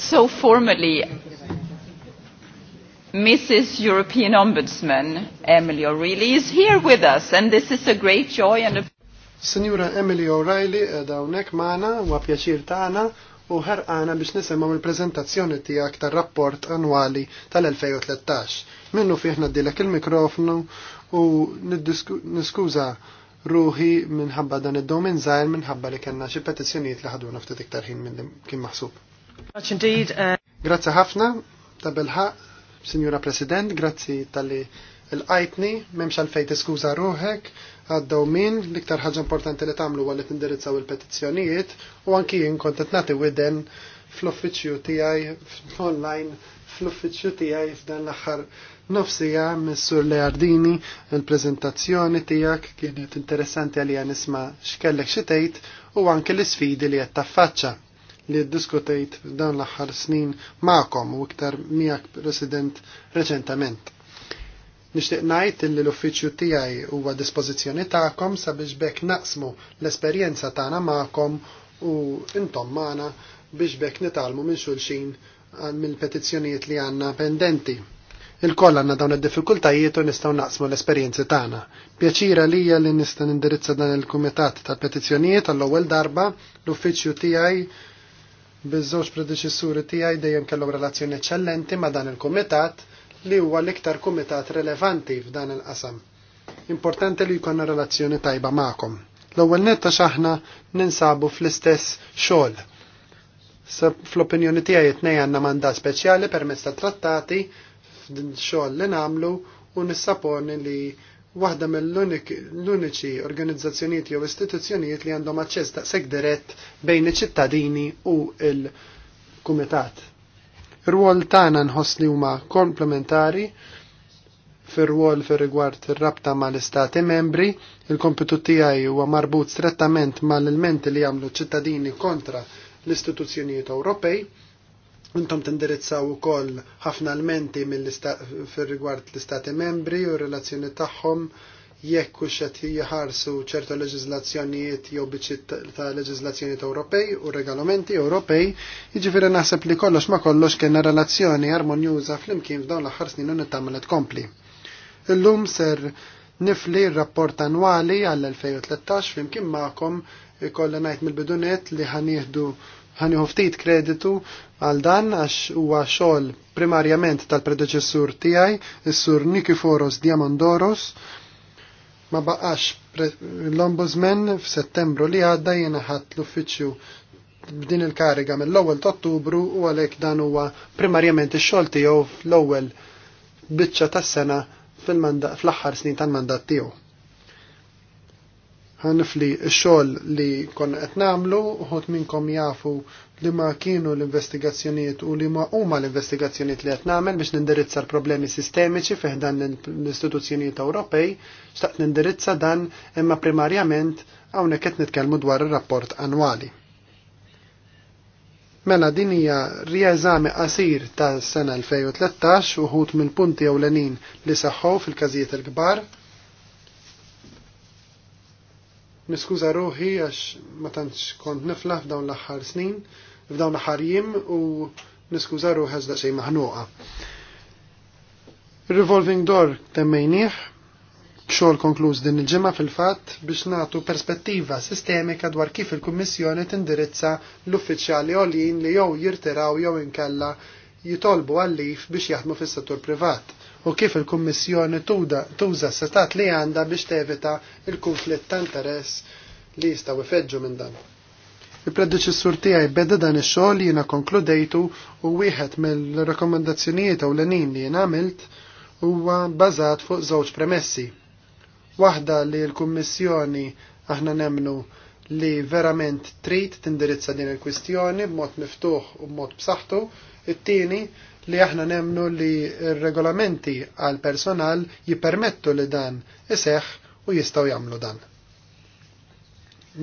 so formally Mrs. European Ombudsman Emily O'Reilly is here with us and this is a great joy and a Signora Emily O'Reilly eh, da unek mana wa piacir tana, u her ana biex nisimaw il-prezentazzjoni tijak ta' rapport annwali tal-2013. Minnu fiħna dilek il-mikrofonu u niskuza ruħi minħabba dan id-domin zaħir minħabba li kena xie petizjoniet li ħaduna ftit iktar ħin minn kien maħsub. Uh, grazzi ħafna, ta' belħa, Signora President, grazzi tal-li l-qajtni, memx għalfej skuza ruħek, għaddaw min, l-iktar ħagġa importanti li tamlu għalli tindirizzaw il-petizzjonijiet, u anki jien kontet nati widen fl-uffiċju tijaj, online, fl-uffiċju tijaj f'dan l-axar nofsija mis Leardini, il-prezentazzjoni tijak kienet interessanti għalija nisma xkellek xitejt u għanki l-sfidi li jattaffaċċa li diskutejt dan l-aħħar snin ma'kom u iktar miegħek resident reċentament. Nixtieq ngħid li l-uffiċċju tiegħi huwa dispożizzjoni tagħkom sabiex bekk naqsmu l-esperjenza tagħna magħkom u intom magħna biex bekk nitalmu minn xulxin mill-petizzjonijiet li għandna pendenti. Il-koll għanna dawn id-diffikultajiet u nistaw naqsmu l esperjenzi tagħna. Pjaċira lija li nista' nindirizza dan il-kumitat tal-petizzjonijiet għall-ewwel darba l-uffiċċju tiegħi Biż-żewġ predeċessuri tiegħi dejjem kellhom relazzjoni eċċellenti ma' dan il-kumitat li huwa l-iktar kumitat relevanti f'dan il-qasam. Importanti li jkollna relazzjoni tajba magħkom. L-ewwel netta x'aħna ninsabu fl-istess xogħol. Fl-opinjoni tiegħi tnejn għandna mandat speċjali permezz ta' trattati f'din xogħol li nagħmlu u nissaponi li waħda mill-uniċi organizzazzjonijiet jew istituzzjonijiet li għandhom aċċess daqshekk dirett bejn iċ-ċittadini u l-kumitat. Ir-rwol tagħna nħoss li huma komplementari fir-rwol fir rigward ir-rabta mal-istati membri, il-kompitu tiegħi huwa marbut strettament mal-elementi li jagħmlu ċittadini kontra l-istituzzjonijiet Ewropej Intom tindirizzaw ukoll ħafna l-menti fir-rigward l-istati membri u r-relazzjoni tagħhom jekk u qed jħarsu ċertu leġiżlazzjonijiet jew biċċiet ta' leġiżlazzjonijiet Ewropej u regolamenti Ewropej, jiġifieri naħseb li kollox ma kollox kienna relazzjoni armonjuża flimkien f'dawn l-aħħar snin u nittamalet kompli. Illum ser nifli r-rapport annwali għall-2013 flimkien magħkom ikollha ngħid mill-bidunet li ħanieħdu ħaniħu ftit kreditu għal dan għax huwa xogħol primarjament tal-predeċessur tiegħi, is-sur Nikiforos Diamondoros, ma baqax l-Ombudsman f'Settembru li għadda jiena ħadd l-uffiċċju b'din il-kariga mill-ewwel ta' Ottubru u għalhekk dan huwa primarjament ix-xogħol tiegħu fl-ewwel biċċa tas-sena fl-aħħar snin tal-mandat tiegħu ħanifli x-xogħol li kon qed nagħmlu, uħud minnkom jafu li ma kienu l-investigazzjonijiet u li ma huma l-investigazzjonijiet li qed nagħmel biex nindirizza l-problemi sistemiċi fih dan l-istituzzjonijiet Ewropej, xtaqt nindirizza dan imma primarjament hawnhekk qed nitkellmu dwar ir-rapport annwali. Mela din hija rieżami qasir ta' sena 2013 uħud mill-punti ewlenin li saħħu fil-każijiet il-kbar Niskuża ruħi għax ma tantx kont nifla f'dawn l-aħħar snin, f'dawn l-aħħar jiem u niskuża ruħi għax daqsej maħnuqa. Revolving door temmejniħ, xogħol konkluż din il-ġimgħa fil-fatt biex nagħtu perspettiva sistemika dwar kif il-Kummissjoni tindirizza l-uffiċjali għolin li jew jirtiraw jew inkella jitolbu għallif biex jaħdmu fis-settur privat u kif il-Kummissjoni tuża s-setat li għandha biex tevita il-konflitt ta' interess li jistaw ifedġu minn dan. Il-predeċessur tiegħi beda dan ix-xogħol jiena konkludejtu u wieħed mill-rakkomandazzjonijiet ewlenin li jien għamilt huwa bbażat fuq żewġ premessi. Waħda li l-Kummissjoni aħna nemnu li verament trid tindirizza din il-kwistjoni b'mod miftuħ u b'mod b'saħħtu, it-tieni li aħna nemnu li regolamenti għal personal jipermettu li dan iseħ u jistaw jamlu dan.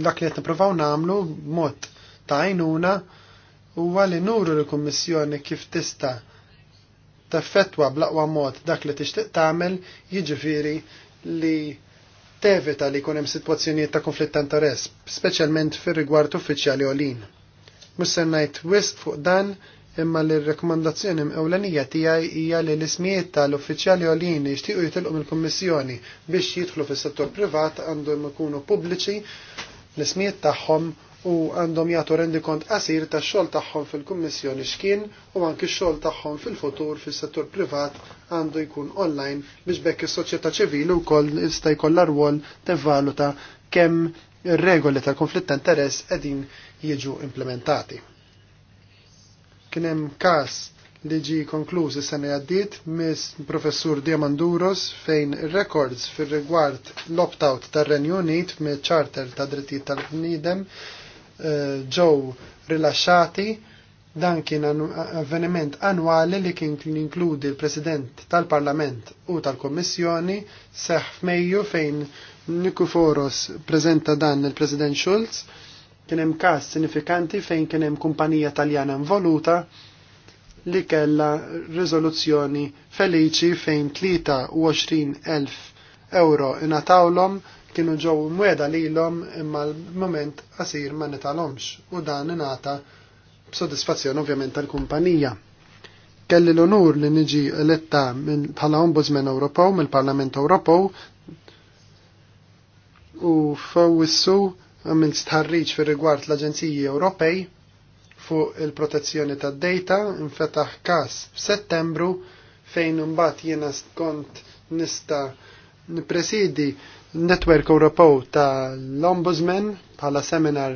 Dak li jtniprofaw namlu mot ta' għajnuna u għalli nuru l-Kommissjoni kif tista taffetwa blaqwa mod dak li tixtiq tagħmel jiġifieri li tevita li jkun hemm sitwazzjonijiet ta' konflitt ta' interess, speċjalment fir-rigward uffiċjali olin. Musser ngħid wisq fuq dan imma l-rekomandazzjoni mqewlenija tiegħi hija li l-ismijiet tal-uffiċjali għolini li jixtiequ jitilqu mill-Kummissjoni biex jidħlu fis-settur privat għandhom ikunu pubbliċi l-ismijiet tagħhom u għandhom jagħtu rendikont qasir tax-xogħol tagħhom fil-Kummissjoni x'kien u anki x-xogħol tagħhom fil-futur fis-settur privat għandu jkun online biex bekk is-soċjetà ċivili wkoll jista' jkollha rwol tevvaluta kemm ir-regoli tal-konflitt ta' interess qegħdin jiġu implementati. Kien hemm każ li ġi konklużi sena għaddiet miss professur Diamanduros fejn records fir-rigward l-opt-out tar-Renju Unit mill-Charter ta' Drittijiet tal-Bniedem eh, ġew rilaxxati Dan kien avveniment annwali li kien inkludi l-President tal-Parlament u tal-Kommissjoni seħ f'Mejju fejn Niku Foros prezenta dan il-President Schulz kien hemm każ sinifikanti fejn kien hemm kumpanija Taljana involuta li kella riżoluzzjoni feliċi fejn 23,000 euro inatawlhom kienu ġew mweda lilhom imma l-moment qasir ma nitalhomx u dan ingħata b'sodisfazzjon ovvjament tal-kumpanija kelli l-onur li niġi eletta bħala Ombudsman Ewropew mill-Parlament Ewropew u fawissu għamil stħarriċ fir rigward l-Aġenziji Ewropej fuq il-protezzjoni tad data infetaħ kas f'Settembru fejn imbagħad jiena skont nista nipresidi Network Ewropew ta' l-Ombudsman bħala seminar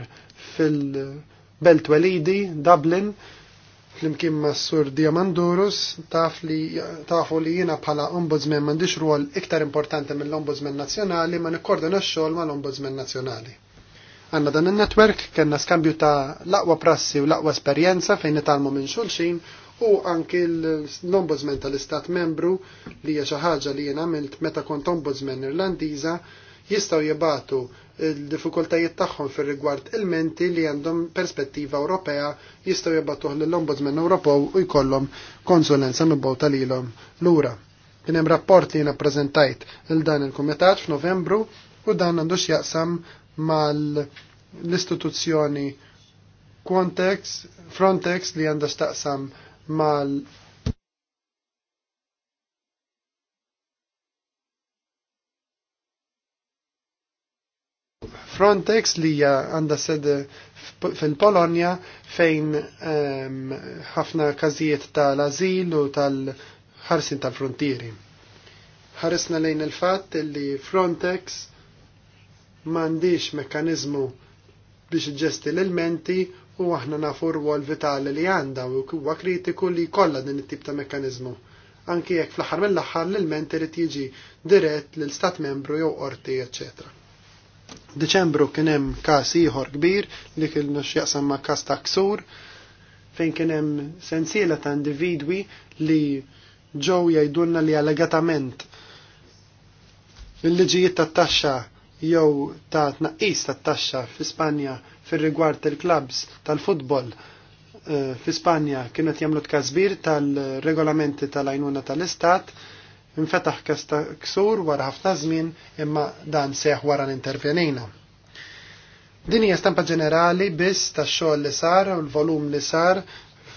fil-Belt Welidi, Dublin, flimkien ma' Sur Diamandurus, taf li tafu li jiena bħala Ombudsman m'għandix rwol iktar importanti mill-Ombudsman Nazzjonali ma' nikkoordina x-xogħol mal-Ombudsman Nazzjonali. Għanna dan il-network kena skambju ta' laqwa prassi u laqwa esperjenza fejn nitalmu minn xulxin u anki l-ombudsman tal-istat membru li hija xi ħaġa li jien għamilt meta kont ombudsman irlandiża jistgħu jibatu il-difikultajiet tagħhom fir-rigward il-menti li għandhom perspettiva Ewropea jistgħu jibatuh lill-Ombudsman Ewropew u jkollhom konsulenza mibgħuta lilhom lura. Kien hemm rapport li ppreżentajt il dan il-Kumitat f'Novembru u dan għandu x'jaqsam mal-istituzzjoni Quantex, Frontex li għandha staqsam mal Frontex li għanda sede fil-Polonja fejn ehm, ħafna um, kazijiet tal-azil u tal-ħarsin tal-frontieri. Ħaresna lejn il-fat li Frontex m'għandix mekkaniżmu biex ġesti l-elementi u aħna nafu rwol vitali li għandha u huwa kritiku li jkollha din it-tip ta' mekkaniżmu. Anki jekk fl-aħħar mill-aħħar l-element irid jiġi dirett l stat membru jew qorti, eċetera. Deċembru kien hemm każ ieħor kbir li kien x'jaqsam ma' każ ta' ksur fejn kien hemm sensiela ta' individwi li ġew jgħidulna li allegatament il-liġijiet tat-taxxa jew ta' tnaqqis tat taxxa fi Spanja fir-rigward il-klabs tal-futbol eh, fi Spanja kienu jagħmlu tkażbir tal-regolamenti tal-għajnuna tal-Istat infetaħ kasta ksur wara ħafna żmien imma dan seħ wara nintervenina. Din hija stampa ġenerali biss tax-xogħol li sar u l-volum li sar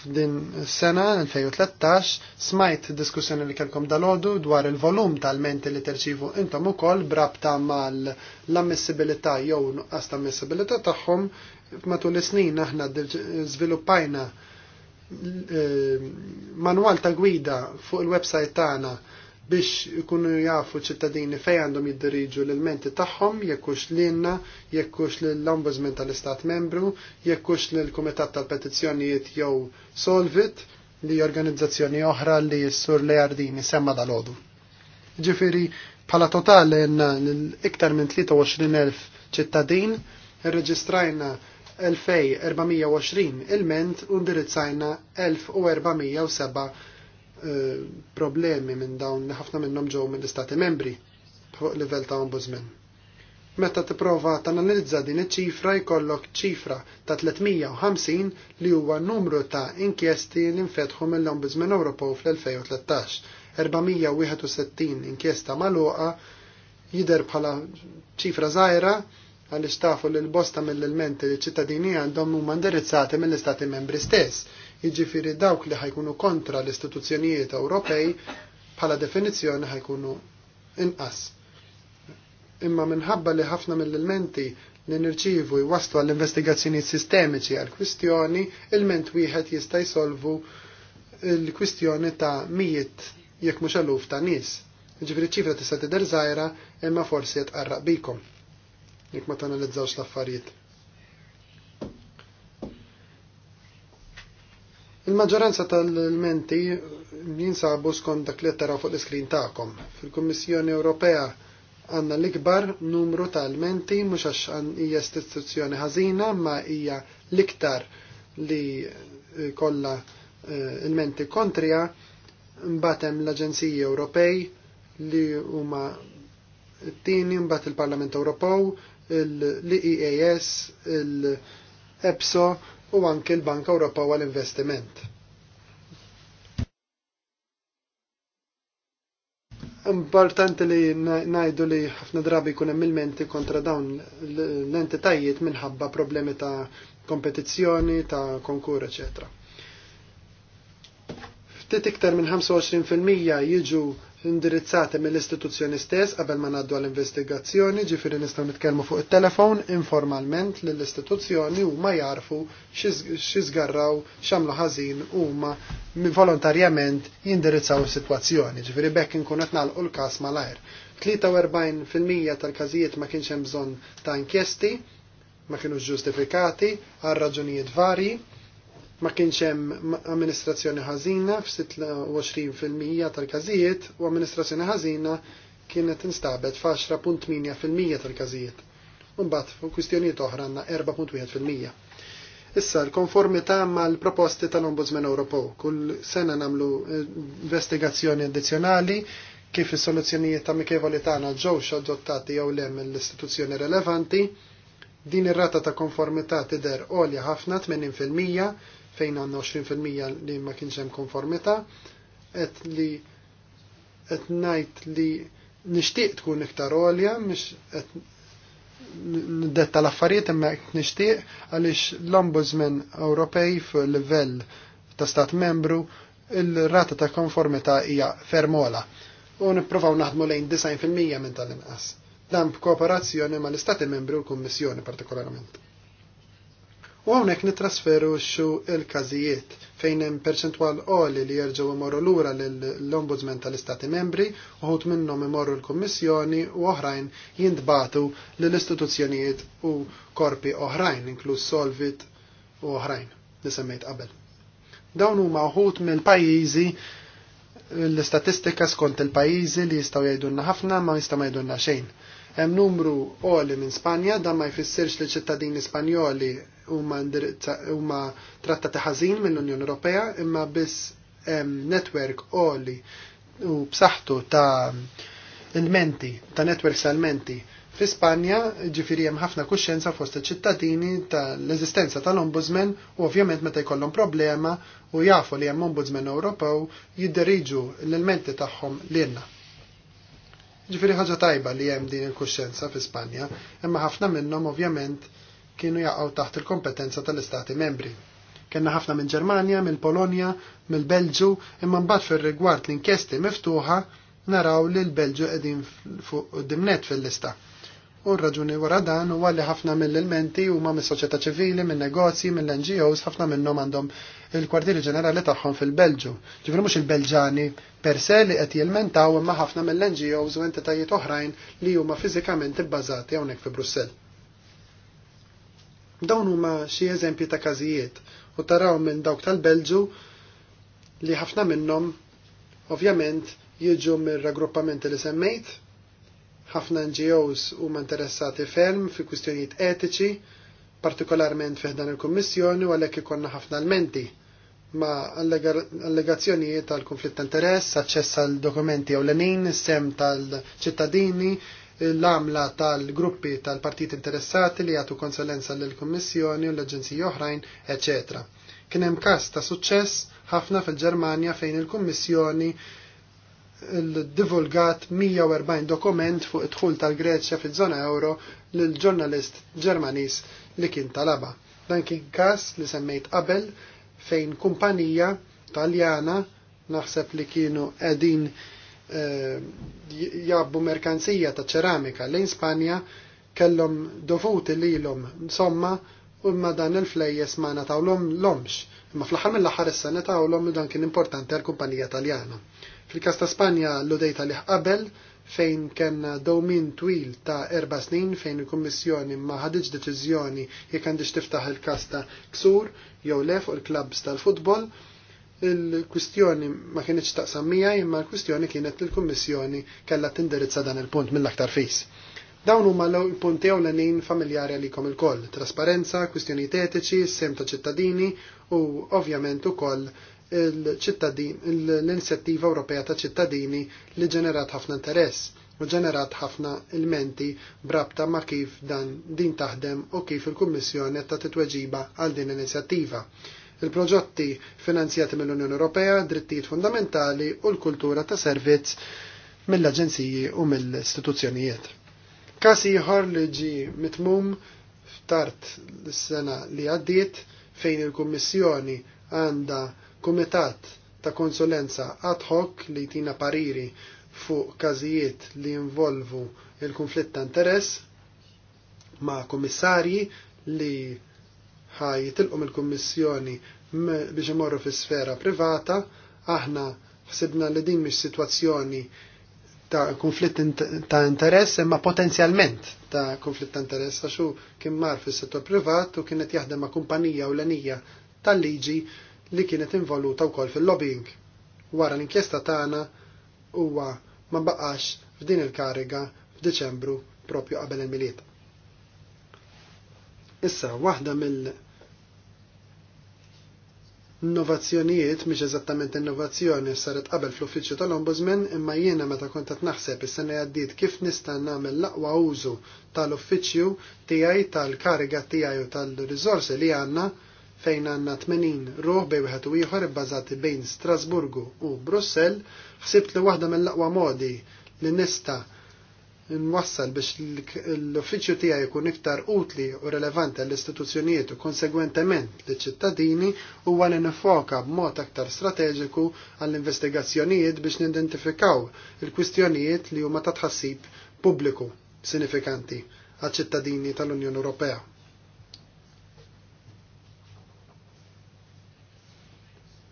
f'din sena 2013 smajt diskussjoni li kelkom dal ordu dwar il-volum tal-menti li terċivu intom ukoll brabta mal l-ammissibilità jew nuqqas ta' ammissibilità tagħhom matul is-snin aħna żviluppajna eh, manwal ta' gwida fuq il-website tagħna biex ikunu jafu ċittadini fej għandhom jiddiriġu l-menti tagħhom jekkux l-inna, jekkux l-Ombudsman tal-Istat Membru, jekkux l-Kumitat tal-Petizzjonijiet jew Solvit li organizzazzjoni oħra li s-sur Lejardini semma dal-ħodu. Ġifiri, bħala totali iktar minn 23.000 ċittadin, reġistrajna 2420 il-ment u ndirizzajna 1407 Eh, problemi minn dawn li ħafna minnhom ġew mill-istati membri fuq livell ta' ombudsman. Meta tipprova tanalizza din iċ-ċifra jkollok ċifra ta' 350 li huwa numru ta' inkjesti li nfetħu mill-Ombudsman Ewropew fl-2013. 461 inkjesta magħluqa jider bħala ċifra żgħira għal tafu li l-bosta mill-elementi li ċittadini għandhom huma indirizzati mill-istati membri stess jiġifieri dawk li ħajkunu kontra l-istituzzjonijiet Ewropej bħala definizzjoni ħajkunu inqas. Imma minħabba li ħafna mill-elementi li nirċivu jwaslu għall-investigazzjoni sistemiċi għal-kwistjoni, il-ment wieħed jista' jsolvu l-kwistjoni ta' mijiet jekk mhux eluf ta' nies. Ġifri ċifra tista' tidher żgħira imma forsi qed bikom jekk ma tanalizzawx l-affarijiet. Il-maġġoranza tal-menti jinsabu skont dak li taraw fuq l-iskrin tagħkom. Fil-Kummissjoni Ewropea għandna l-ikbar numru tal-menti mhux għax hija istituzzjoni ħażina ma hija l-iktar li eh, kollha il-menti eh, kontrija mbatem l-Aġenziji Ewropej li huma t-tieni mbagħad il-Parlament Ewropew, l-EEAS, l-EPSO, u anke l-Banka Ewropa għal-Investiment. Importanti li najdu li ħafna drabi kun menti kontra dawn l-entitajiet minħabba problemi ta' kompetizzjoni, ta' konkur, ecc. Ftit iktar minn 25% jiġu indirizzati mill-istituzzjoni stess qabel ma ngħaddu għall-investigazzjoni, ġifieri nistgħu nitkellmu fuq it-telefon informalment lill-istituzzjoni huma jarfu xi żgarraw x'għamlu ħażin huma volontarjament jindirizzaw is-sitwazzjoni, ġifieri bekk inkun qed nagħlqu l-każ malajr. 43% tal-każijiet ma kienx hemm bżonn ta' inkjesti, ma kienux ġustifikati għal raġunijiet varji, ma kienx hemm amministrazzjoni ħażina fil-Mija tal-każijiet u amministrazzjoni ħażina kienet instabet f'10.8% tal-każijiet. Imbagħad fuq kwistjonijiet oħra għandna 4.1%. Issa l-konformità mal-proposti tal-Ombudsman Ewropew. Kull sena nagħmlu eh, investigazzjoni addizzjonali kif is-soluzzjonijiet ta' mikevoli tagħna ġewx adottati jew le mill-istituzzjoni relevanti. Din ir-rata ta' konformità tidher għolja ħafna 80% fejn għandna 20% li ma kienx hemm konformità, qed li qed ngħid li nixtieq tkun iktar għolja mhix qed niddetta l-affarijiet imma nixtieq għaliex l-Ombudsman Ewropej fil-livell ta' stat membru il-rata ta' konformità hija fermola u nipprovaw naħdmu lejn 90% minn tal-inqas. Dan b'kooperazzjoni ma' l-Istati membri u l-Kummissjoni partikolarment. U hawnhekk nitrasferu xu il-każijiet fejn hemm perċentwal qoli li jerġgħu imorru lura l-Ombudsman tal-Istati Membri, uħut minnhom imorru l-Kummissjoni u oħrajn jintbatu lill-istituzzjonijiet u korpi oħrajn, inkluż Solvit u oħrajn li semmejt qabel. Dawn huma uħut mill-pajjiżi l-istatistika skont il-pajjiżi li jistgħu jgħidulna ħafna ma jista' ma jgħidulna xejn. Hemm numru qoli minn Spanja dan ma jfissirx li ċittadini Spanjoli huma trattati ħażin mill-Unjoni Ewropea imma biss hemm netwerk oli u b'saħħtu ta' elmenti, ta' netwerk salmenti. Fi Spanja ġifiri hemm ħafna kuxjenza fost iċ-ċittadini tal-eżistenza tal-Ombudsman u ovvjament meta jkollhom problema u jafu li hemm Ombudsman Ewropew jidderiġu l elmenti tagħhom lilna. Ġifiri ħaġa tajba li hemm din il-kuxjenza fi Spanja, imma ħafna minnhom ovvjament kienu jaqgħu taħt il-kompetenza tal-Istati membri. Kenna ħafna minn Ġermanja, mill Polonja, mill Belġu, imma mbagħad fir-rigward l-inkjesti miftuħa naraw li l-Belġu qegħdin fuq dimnet fil-lista. U r-raġuni wara dan huwa li ħafna mill-elementi huma mis-soċjetà ċivili, min-negozji, mill-NGOs, ħafna minnhom għandhom il-kwartieri ġenerali tagħhom fil-Belġu. Ġifieri mhux il-Belġani per se li qed jilmentaw imma ħafna mill-NGOs u entitajiet oħrajn li huma fiżikament ibbażati hawnhekk fi Brussell. Dawn huma xi eżempji ta' każijiet u taraw minn dawk tal-Belġu li ħafna minnhom ovvjament jiġu mir-raggruppamenti li semmejt, ħafna NGOs huma interessati ferm fi kwistjonijiet etiċi, partikolarment fi dan il-Kummissjoni u għalhekk ikonna ħafna elementi ma allegazzjonijiet tal konflitt ta' interess, aċċess għal dokumenti ewlenin, sem tal-ċittadini, l amla tal-gruppi tal partiti interessati li jagħtu konsulenza lill-Kummissjoni u l-Aġenziji oħrajn, ecc. Kien hemm każ ta' suċċess ħafna fil-Ġermanja fejn il-Kummissjoni divulgat 140 dokument fuq id-dħul tal-Greċja fiż-żona euro lil ġurnalist Ġermaniż li kien talaba. Dan kien każ li semmejt qabel fejn kumpanija Taljana naħseb li kienu qegħdin Eh, jabbu merkanzija ta' ċeramika lejn Spanja kellhom dovuti lilhom somma u imma dan il-flejjes ma natawlhom l-omx. Imma fl-aħħar mill-aħħar issa natawlhom dan kien importanti għal kumpanija Taljana. Fil-kas ta' Spanja l-udejta li qabel fejn kena domin twil ta' erba snin fejn il-Kommissjoni ma ħadiġ deċiżjoni jekk għandix tiftaħ il-kas ta' ksur jew le u l klabs tal-futbol il-kwistjoni ma kienieċ taqsam miegħi imma l-kwistjoni kienet il-Kummissjoni kellha tindirizza dan il-punt mill-aktar fis. Dawn huma l-punti ewlenin familjari għalikom il-koll, trasparenza, kwistjoni etiċi, sem ta' ċittadini u ovvjament ukoll l-inizjattiva Ewropea ta' ċittadini li ġenerat ħafna interess u ġenerat ħafna il-menti brabta ma' kif dan din taħdem u kif il-Kummissjoni ta' titweġiba għal din l-inizjattiva il-proġetti finanzjati mill-Unjoni Ewropea, drittijiet fundamentali u l-kultura ta' servizz mill-aġenziji u mill-istituzzjonijiet. Każ ieħor li ġi mitmum f'tart l-sena li għaddiet fejn il-Kummissjoni għandha kumitat ta' konsulenza ad hoc li tina pariri fuq każijiet li involvu il-konflitt ta' interess ma' komissarji li ħaj jitilqu mill-Kummissjoni biex imorru fi sfera privata, aħna ħsibna li din mhix sitwazzjoni ta' konflitt ta' interess imma potenzjalment ta' konflitt ta' interess hu kien mar fis-settur privat u kienet jaħdem ma' kumpanija ewlenija tal-liġi li kienet involuta wkoll fil-lobbying. Wara l-inkjesta tagħna huwa ma baqax f'din il-kariga f'Diċembru propju qabel il-miliet. Issa, waħda mill- innovazzjonijiet mhix eżattament innovazzjoni saret qabel fl-uffiċċju tal-Ombudsman imma jiena meta kont qed naħseb is-sena għaddiet kif nista' nagħmel l-aqwa użu tal-uffiċċju tiegħi tal-kariga tiegħi u tal-riżorsi li għandna fejn għandna 80 ruħ bej wieħed u ieħor ibbażati bejn Strasburgu u Brussell, ħsibt li waħda mill-aqwa modi li nista' nwassal biex l-uffiċju tiegħi jkun iktar utli u relevanti għall istituzzjonijiet u konsegwentement li ċittadini u għal nifoka b'mod aktar strateġiku għall-investigazzjonijiet biex nidentifikaw il-kwistjonijiet li huma ta' tħassib pubbliku sinifikanti għal ċittadini tal-Unjoni Ewropea.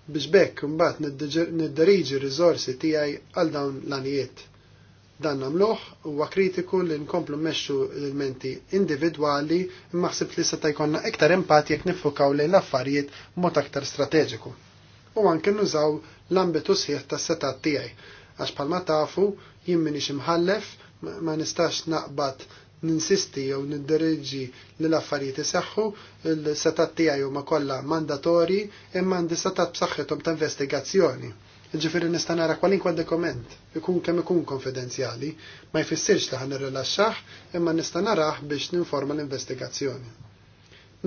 biex bekk mbagħad nidderiġi r-riżorsi tiegħi għal dawn l-anijiet. Dan namluħ huwa kritiku li nkomplu mmexxu l elementi individwali imma li seta' jkollna iktar empati jekk niffukaw lejn l-affarijiet mod aktar strateġiku. U anke nużaw l-ambitu sieħ tas-setat tiegħi għax palma tafu jien minix imħallef ma nistax naqbad ninsisti jew niddiriġi li l-affarijiet iseħħu, l-setat tiegħi huma kollha mandatorji imma għandi setat b'saħħithom ta' investigazzjoni. Ġifiri nista' nara kwalinkwa dokument ikun kemm ikun konfidenzjali, ma jfissirx li ħan nirrilaxxah imma nista' narah biex ninforma l-investigazzjoni.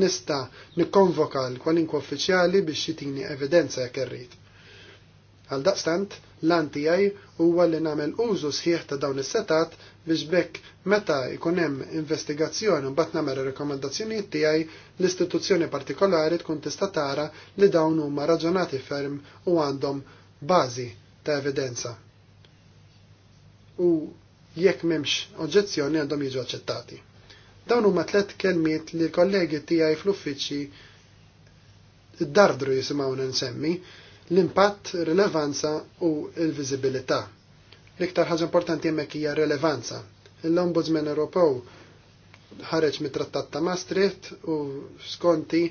Nista' nikkonvoka l-kwalinkwa uffiċjali biex jitini evidenza jekk irrid. Għal daqstant, lan tiegħi huwa li nagħmel użu sħiħ ta' dawn is-setat biex bekk meta ikun hemm investigazzjoni u mbagħad nagħmel ir-rekomandazzjonijiet tiegħi l-istituzzjoni partikolari tkun tista' tara li dawn huma raġunati ferm u għandhom bażi ta' evidenza. U jekk m'hemmx oġġezzjoni għandhom jiġu aċċettati. Dawn huma tlet kelmiet li kollegi tiegħi fl-uffiċċji ddardru jisimgħu nsemmi l-impatt, rilevanza u l-viżibilità. L-iktar ħaġa importanti hemmhekk hija rilevanza. L-Ombudsman Ewropew ħareġ mit-trattat ta' Maastricht u skonti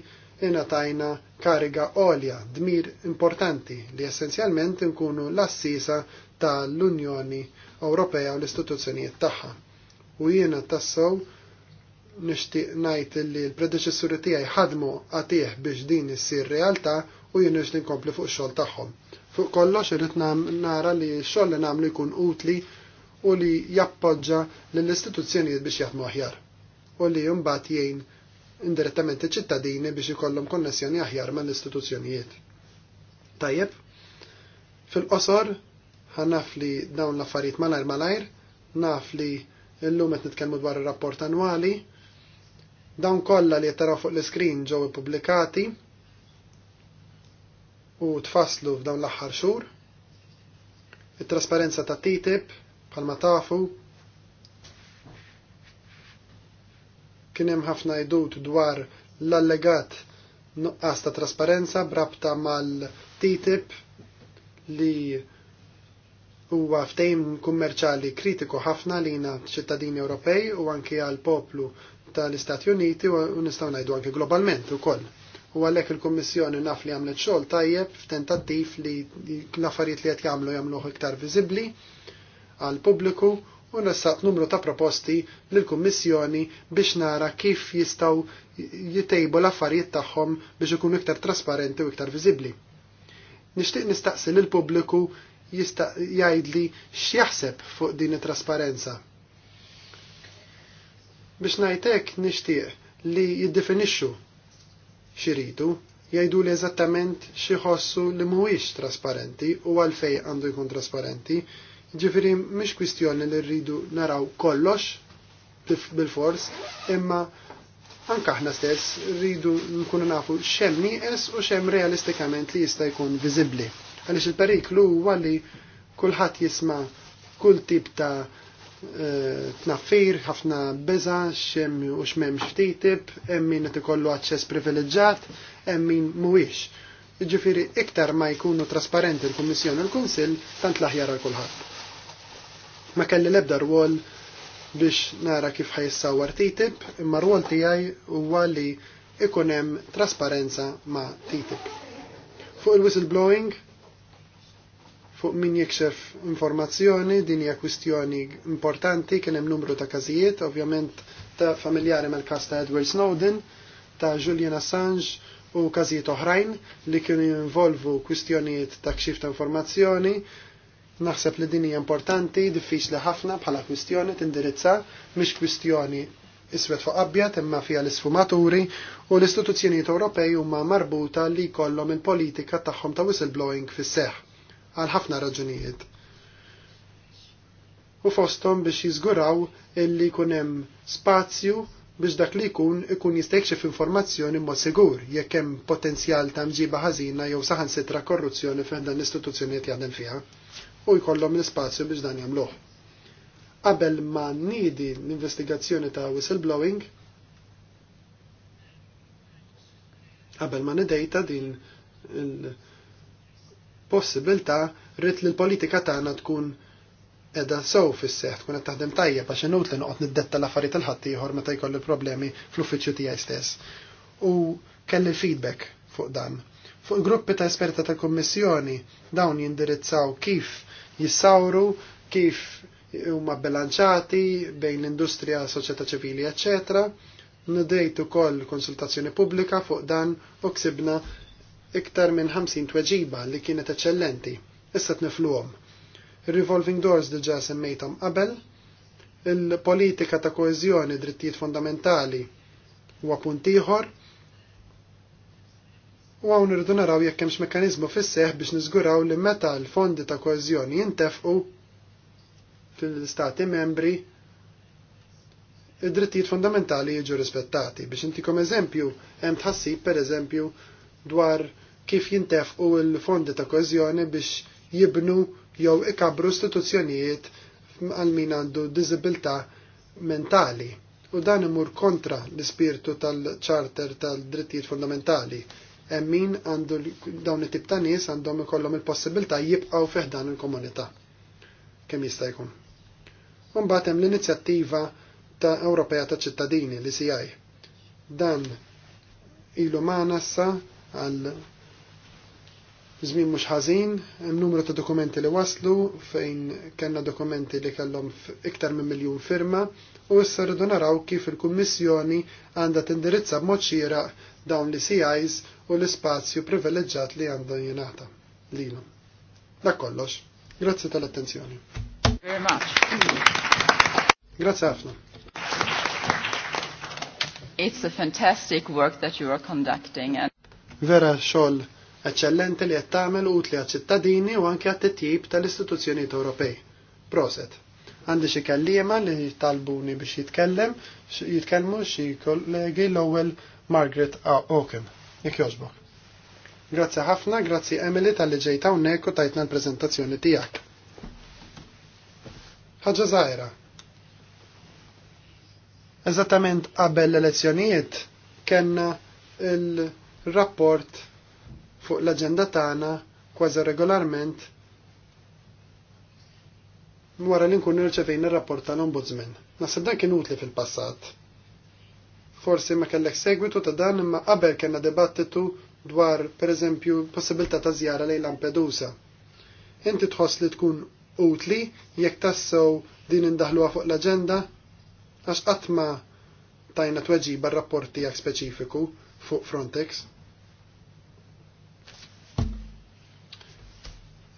ingħatajna kariga għolja, dmir importanti li essenzjalment nkunu l-assisa tal-Unjoni Ewropea u l-istituzzjonijiet tagħha. U jiena tassew nixtieq ngħid li l-predeċessuri tiegħi ħadmu għatih biex din issir realtà u jien nixtieq inkompli fuq xogħol tagħhom. Fuq kollox irid nara li x-xogħol li nagħmlu jkun utli u li jappoġġa lill-istituzzjonijiet biex jaħdmu aħjar u li mbagħad jgħin indirettament iċ-ċittadini biex ikollhom konnessjoni aħjar mal-istituzzjonijiet. Tajjeb, fil-qosor naf li dawn l-affarijiet malajr malajr, naf li illum qed nitkellmu dwar ir-rapport annwali, dawn kollha li taraw fuq l-iskrin ġew ippubblikati u tfasslu f'dawn l-aħħar xhur. It-trasparenza ta' TTIP bħalma tafu kien hemm ħafna jdut dwar l-allegat nuqqas ta' trasparenza brabta mal-TTIP li huwa ftejm kummerċali kritiku ħafna lina ċittadini Ewropej u anki għal poplu tal-Istati Uniti u nistgħu ngħidu anki globalment ukoll. U għalhekk il-Kummissjoni naf li għamlet xogħol tajjeb f'tentattiv li l-affarijiet li qed jagħmlu jagħmluh iktar viżibbli għal pubbliku u nessaq numru ta' proposti lill-Kummissjoni biex nara kif jistgħu jitejbu l-affarijiet tagħhom biex ikunu iktar trasparenti u iktar viżibbli. Nixtieq nistaqsi lill pubbliku jgħidli x'jaħseb fuq din it-trasparenza. Biex ngħidlek nixtieq li jiddefinixxu xiridu jgħidu li eżattament xi ħossu li mhuwiex trasparenti u għalfejn għandu jkun trasparenti Ġifiri, mish kwistjoni li rridu naraw kollox bil-fors, imma anka aħna stess rridu nkunu nafu xem nieqes u xem realistikament li jista' jkun viżibbli. Għaliex il-periklu huwa li kulħadd jisma' kull tip ta' e, tnaffir, ħafna biża, xem u xmem ftitib, hemm min qed ikollu aċċess privileġġjat, hemm min mhuwiex. Jiġifieri iktar ma jkunu trasparenti l-Kummissjoni u l-Kunsill tant l-aħjar għal kulħadd. Ma kelli lebda rwol biex nara kif ħajissawar TTIP, imma rwol tiegħi huwa li ikun hemm trasparenza ma' TTIP. Fuq il-whistleblowing, fuq min jikxef informazzjoni, din hija kwistjoni importanti, kien hemm numru ta' każijiet, ovvjament ta' familjari mal-każ ta' Edward Snowden, ta' Julian Assange u każijiet oħrajn li kienu jinvolvu kwistjonijiet ta' kxif ta' informazzjoni, Naħseb li din hija importanti, diffiċli ħafna bħala kwistjoni tindirizza mhix kwistjoni iswed fuq qabbja, imma fiha l-isfumaturi u l-istituzzjonijiet Ewropej huma marbuta li jkollhom il-politika tagħhom ta' whistleblowing fis-seħ għal ħafna raġunijiet. U fosthom biex jiżguraw illi jkun hemm spazju biex dak li jkun ikun jistekxif informazzjoni mod sigur jekk hemm potenzjal ta' mġiba ħażina jew saħansitra korruzzjoni f'dan l-istituzzjonijiet jaħdem fiha u jkollhom l-ispazju biex dan jagħmluh. Qabel ma nidi l-investigazzjoni ta' whistleblowing, qabel ma nidejta din il-possibilità rrit li l-politika tagħna tkun edha sew fis-seħ tkun qed taħdem tajjeb għax inut li noqgħod niddetta l-affarijiet il-ħadd ieħor meta jkollu problemi fl-uffiċċju tiegħi stess. U kelli feedback fuq dan. Fuq gruppi ta' esperta ta' kommissjoni dawn jindirizzaw kif jissawru kif huma bilanċati bejn l-industrija, soċjetà ċivili, eccetera. Nidejt ukoll konsultazzjoni pubblika fuq dan u ksibna iktar minn 50 tweġiba li kienet eċċellenti. Issa tnifluhom. Revolving Doors diġà semmejthom qabel, il-politika ta' koeżjoni drittijiet fondamentali huwa punt ieħor, u għaw nirridu naraw jekk hemmx mekkaniżmu fis-seħ biex niżguraw li meta l-fondi ta' koeżjoni jintefqu fil istati membri id-drittijiet fundamentali jiġu rispettati. Biex intikom eżempju, hemm tħassib pereżempju dwar kif jintefqu l-fondi ta' koeżjoni biex jibnu jew ikabru istituzzjonijiet għal min għandu diżibilità mentali u dan imur kontra l-ispirtu tal-ċarter tal-drittijiet fundamentali min għandu dawn it-tip ta' nies għandhom ikollhom il-possibilità jibqgħu fih dan il-komunità kemm jista' jkun. Mbagħad hemm l-inizjattiva ta' Ewropea ta' ċittadini li CI. Dan ilu magħna għal żmien mhux ħażin, hemm numru ta' dokumenti li waslu fejn kellna dokumenti li kellhom iktar minn miljun firma u issa rridu naraw kif il-Kummissjoni għandha tindirizza b'mod xieraq dawn li CIs u l-ispazju privileġġat li għandu jenata lilu. Da kollox. Grazzi tal-attenzjoni. Grazie Grazzi ħafna. It's a fantastic work that you are conducting. And... Vera xogħol eccellente li qed tagħmel utli għat ċittadini u anke għat tal-istituzzjonijiet Ewropej. Proset. Għandi xi kellima li talbuni biex jitkellem, jitkellmu xi kollegi l-ewwel Margaret A. Oaken. Jekk jogħġbok. Grazzi ħafna, grazie Emily tal-li ġejta hawnhekk u tajtna l-preżentazzjoni tiegħek. Ħaġa zaħira. Eżattament qabel l-elezzjonijiet kellna il-rapport fuq l-aġenda tagħna kważi regolarment wara li nkun irċevejna ir rapport tal-Ombudsman. Nasib dan kien utli fil-passat. Forsi ma kellek segwitu ta' dan imma qabel kellna dibattitu dwar pereżempju possibilità ta' żjara lejn Lampedusa. Inti tħoss li tkun utli jekk tassew din indaħluha fuq l-aġenda għax qatt ma tajna tweġiba r-rapport tiegħek speċifiku fuq Frontex.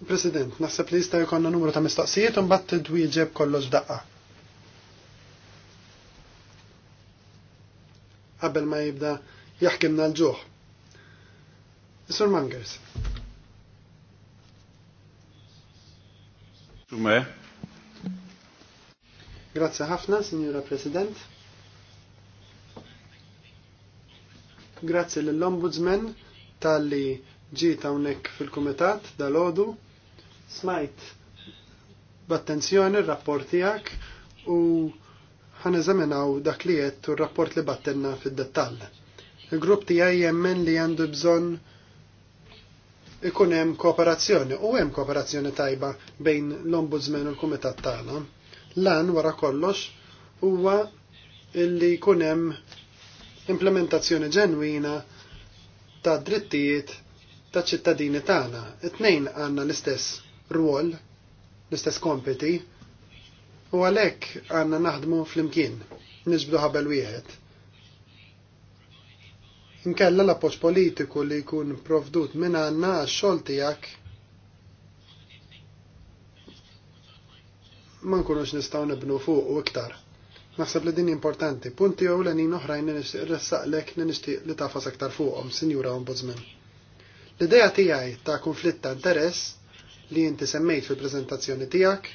President, naħseb li jista' jkollna numru ta' mistoqsijiet u mbagħad tidwieġeb kollox daqqa. Qabel ma jibda jaħkimna l-ġuħ. Sur Mangers. Tume. Grazie ħafna, Signora President. Grazie l-Ombudsman tal-li ġiet hawnhekk fil-Kumitat dal-Odu smajt b'attenzjoni r-rapport tiegħek u ħan eżaminaw dak li qed u r-rapport li battenna fid-dettall. Il-grupp tiegħi jemmen li għandu bżonn ikun hemm kooperazzjoni u hemm kooperazzjoni tajba bejn l-Ombudsman u l-Kumitat tagħna. Lan wara kollox huwa illi jkun hemm implementazzjoni ġenwina ta' drittijiet ta' ċittadini tagħna. It-tnejn għandna l-istess rwol, l-istess kompeti, u għalhekk għanna naħdmu flimkien, niġbdu ħabel wieħed. Inkella l-appoġġ politiku li jkun provdut minn għandna għax-xogħol tiegħek ma nkunux nistgħu nibnu fuq u iktar. Naħseb li din importanti. Punti jew l-għanin oħrajn nirressaqlek li nixtieq li tafas aktar fuqhom, Sinjura Ombudsman. L-idea tiegħi ta' konflitta ta' interess li inti semmejt fil-prezentazzjoni tijak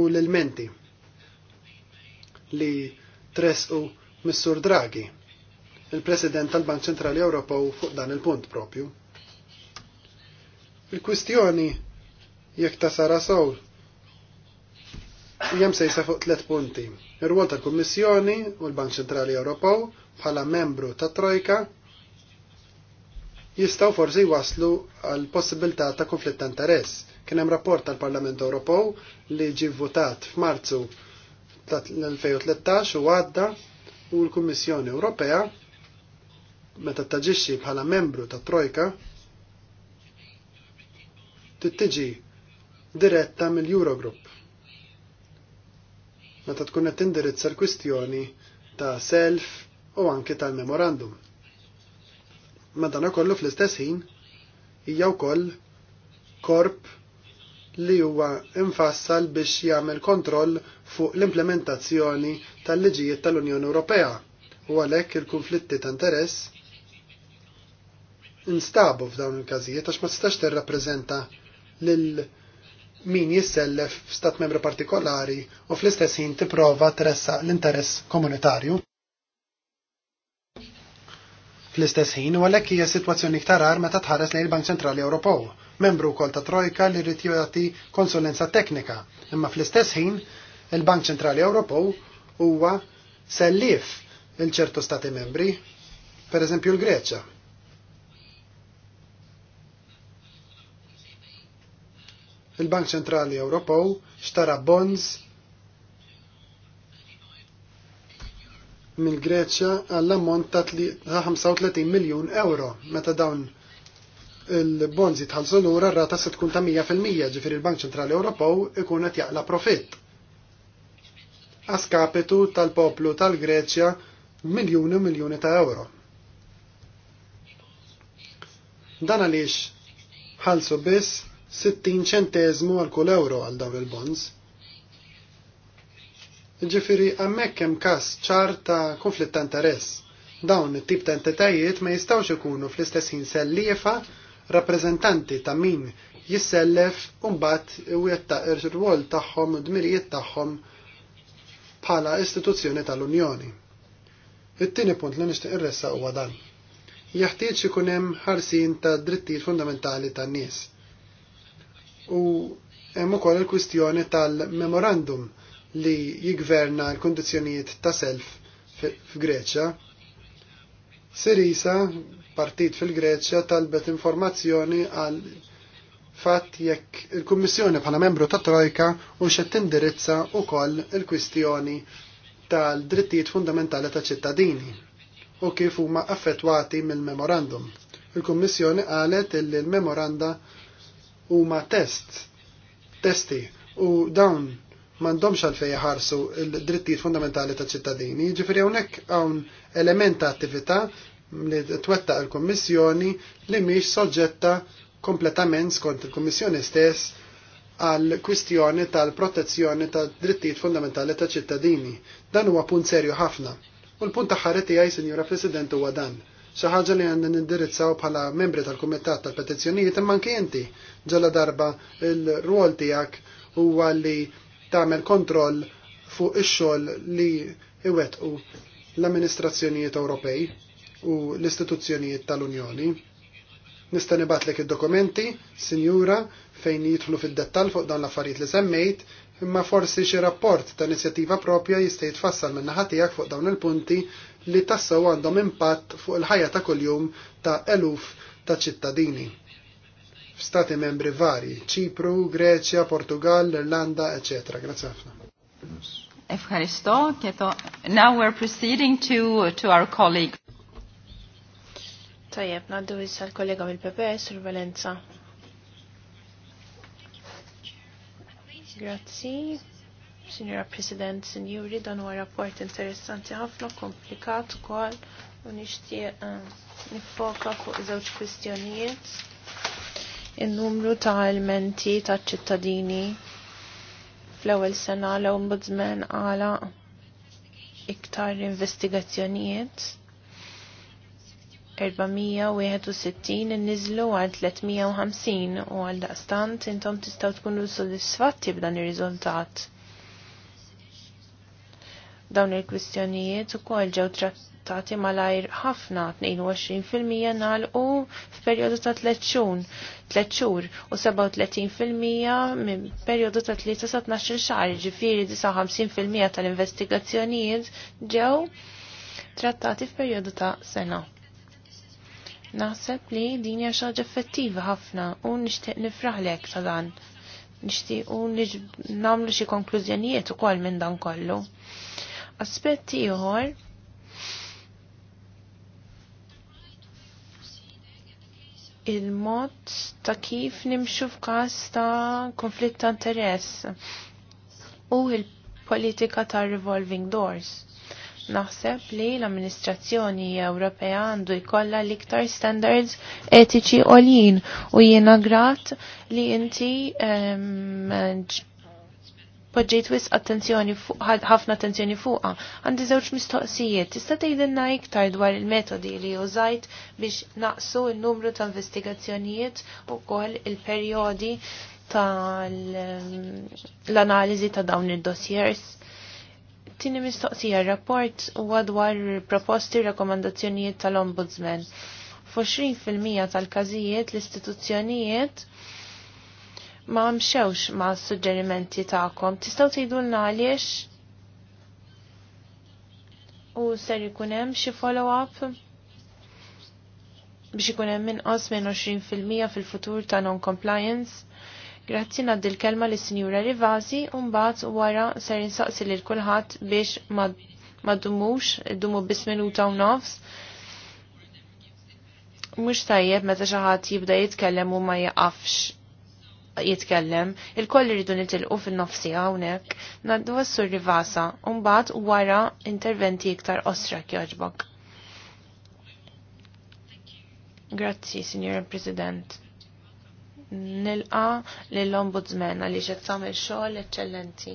u l elmenti li u Missur Draghi, il-President tal-Bank Ċentrali Ewropew fuq dan il-punt propju. Il-kwistjoni jekk ta' sara sowl jem sejsa fuq tlet punti. Ir-rwol tal-Kummissjoni u l-Bank Centrali Ewropew bħala membru ta' Trojka jistaw forsi waslu għal possibilità ta' konflitt ta' interess Kien hemm rapport tal-Parlament Ewropew li ġi votat f'Marzu tal-2013 u għadda u l-Kummissjoni Ewropea meta taġixxi bħala membru ta' Trojka tittiġi diretta mill-Eurogroup. Meta tkun qed tindirizza l-kwistjoni ta' self u anke tal-memorandum. dan kollu fl-istess ħin hija wkoll korp li huwa infassal biex jagħmel kontroll fuq l-implementazzjoni tal-liġijiet tal-Unjoni Ewropea u għalhekk il kunflitti ta' interess instabu f'dawn il-każijiet għax ma tistax tirrappreżenta lil min jissellef f'stat membru partikolari u fl-istess ħin tipprova tressa l-interess komunitarju. Fl-istess ħin u għalhekk hija sitwazzjoni iktar meta tħares lejn il-Bank Ċentrali Ewropew membru wkoll ta' Trojka li rrid jagħti konsulenza teknika, imma fl-istess ħin il-Bank Ċentrali Ewropew huwa sellif il ċertu stati membri, per eżempju l-Greċja. Il-Bank Ċentrali Ewropew xtara bonds mill-Greċja għall-ammont ta' 35 miljun euro meta dawn il bonzi tħalsu lura r-rata se tkun ta' 100% ġifier il-Bank Ċentrali Ewropew ikun qed jaqla profitt. Askapitu tal-poplu tal-Greċja miljuni u miljuni ta' euro. Dan għaliex ħalsu biss 60 ċentezmu għal kull euro għal dawn il-bonds. Ġifiri, għammek hemm kas ċar ta' konflitt ta' interess. Dawn it-tip ta' entitajiet ma jistawx ikunu fl-istess ħin selliefa rappresentanti ta' min jissellef u mbagħad iwettaq ir-rwol tagħhom u dmirijiet tagħhom bħala istituzzjoni tal-Unjoni. It-tieni punt li nixtieq irressa huwa dan. Jeħtieġ ikun hemm ħarsin ta' drittijiet fundamentali tan-nies. U hemm ukoll il-kwistjoni tal-memorandum li jigverna l-kondizzjonijiet ta' self f'Greċja. Sirisa partit fil-Greċja talbet informazzjoni għal fatt jekk il-Kummissjoni bħala membru ta' Trojka u xed tindirizza wkoll il-kwistjoni tal-drittijiet fundamentali ta' ċittadini u kif huma affettwati mill-memorandum. Il-Kummissjoni qalet li l-memoranda huma test testi u dawn mandomx għalfej jaħarsu l-drittijiet fundamentali ta' ċittadini, ġifiri hawnhekk hawn elementa ta' attività li twetta l-Kommissjoni li miex soġġetta kompletament skont il-Kommissjoni stess għal kwistjoni tal-protezzjoni tad drittijiet fundamentali ta' ċittadini. Dan huwa punt serju ħafna. U l-punt ta' aħħari tiegħi, Sinjura President, huwa dan. Xi ħaġa li għandna nindirizzaw bħala membri tal-Kumitat tal-Petizzjonijiet imma anke inti ġala darba il-rwol tiegħek huwa li tagħmel kontroll fuq ix-xogħol li iwettqu l-amministrazzjonijiet Ewropej u l-istituzzjonijiet tal-Unjoni. Nista' nibatlek id-dokumenti, sinjura, fejn jidħlu fid-dettall fuq dawn l-affarijiet li semmejt, imma forsi xi rapport ta' inizjattiva propja jista' jitfassal minn naħa tiegħek fuq dawn il-punti li tassew għandhom impatt fuq il-ħajja ta' kuljum ta' eluf ta' ċittadini. F'stati membri vari, Ċipru, Greċja, Portugal, Irlanda, eċetera. Grazie ħafna. now we're proceeding to, to our colleague. Tajjeb, naddu issa l-kollega mill-PPS, e, Sur Valenza. Grazzi, Signora President, Signori, dan huwa rapport interessanti ħafna, komplikat ukoll u nixtieq eh, nifoka fuq żewġ kwistjonijiet. In-numru ta' elementi ta' ċittadini fl-ewwel sena l-Ombudsman għala iktar investigazzjonijiet 461 inniżlu għal 350 u għal daqstant intom tistaw tkunu soddisfatti b'dan ir-riżultat. Dawn il-kwistjonijiet ukoll ġew trattati malajr ħafna 22% nagħlqu f'perjodu ta' 3 xhur u 37% minn perjodu ta' 3 sa 12 xahar, ġifieri 59% tal-investigazzjonijiet ġew trattati f'perjodu ta' sena. Naħseb li din hija xaġa effettiva ħafna u nixtieq nifraħlek ta' dan. Nixtieq u nagħmlu xi konklużjonijiet ukoll minn dan kollu. Aspett ieħor il-mod ta' kif nimxu f'każ ta' konflitt ta' interess u il-politika ta' revolving doors naħseb li l-amministrazzjoni Ewropea għandu jkollha l-iktar standards etiċi għolin u jiena grat li inti poġġejt wis attenzjoni ħafna attenzjoni fuqha. Għandi żewġ mistoqsijiet. Tista' tgħidilna iktar dwar il-metodi li użajt biex naqsu n-numru ta' investigazzjonijiet ukoll il-perjodi tal-analiżi ta' dawn id-dossiers Tini mistoqsija rapport huwa dwar proposti rekomandazzjonijiet tal-Ombudsman. mija tal-każijiet l-istituzzjonijiet ma mxewx ma suġġerimenti tagħkom. Tistgħu tgħidulna għaliex u ser ikun hemm xi follow-up biex ikun hemm inqas minn 20% fil-futur ta' non-compliance Grazzi nad il-kelma li sinjura Rivasi un-bat wara ser insaqsi li l-kulħat biex ma dumux, dumu bis minuta u nofs. Mux tajjeb meta xaħat jibda jitkellem u ma jaqafx jitkellem, il-koll rridu nitilqu fin-nofsi hawnhekk, naddu għas-sur rivasa, u mbagħad wara interventi iktar osra kjoġbok. Grazzi, Signor President nilqa lill-ombudsman għaliex qed tagħmel xogħol eċċellenti.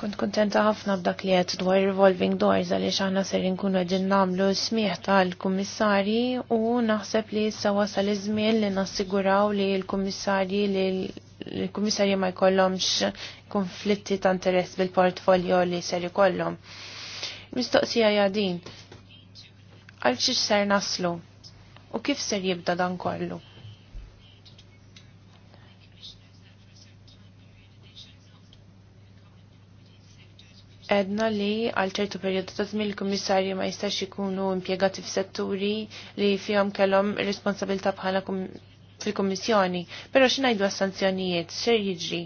Kont kontenta ħafna b'dak li qed dwar revolving doors għaliex aħna ser inkunu qegħdin nagħmlu smieħ tal-kummissarji u naħseb li issa wasal iż-żmien li nassiguraw li l-kummissarji li l-kummissarji ma jkollhomx konflitti ta' interess bil-portfolio li ser ikollhom. Mistoqsija hija din. Għal xiex ser naslu? u kif ser jibda dan kollu. edna li għal ċertu periodu ta' żmien il-kummissarji ma jistax ikunu impjegati f'setturi li fihom kellhom responsabilta bħala fil-kummissjoni, però x'ngħidu għas-sanzjonijiet xejn jiġri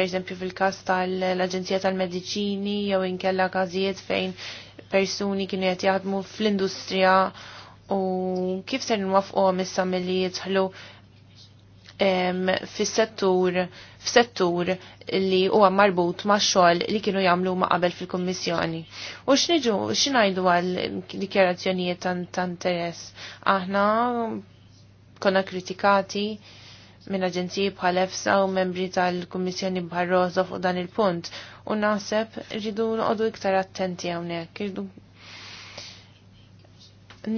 pereżempju fil-każ tal-Aġenzija tal-Mediċini jew inkella każijiet fejn persuni kienu qed jaħdmu fl-industrija u kif ser nwafqhom issa milli jidħlu fis-settur f'settur li huwa marbut ma' xogħol li kienu jagħmlu ma' qabel fil-Kummissjoni. U x'niġu x'ngħidu għal dikjarazzjonijiet ta' interess. Aħna konna kritikati minn aġenziji bħal EFSA u membri tal-Kummissjoni Barroso fuq dan il-punt u naħseb rridu noqogħdu iktar attenti hawnhekk.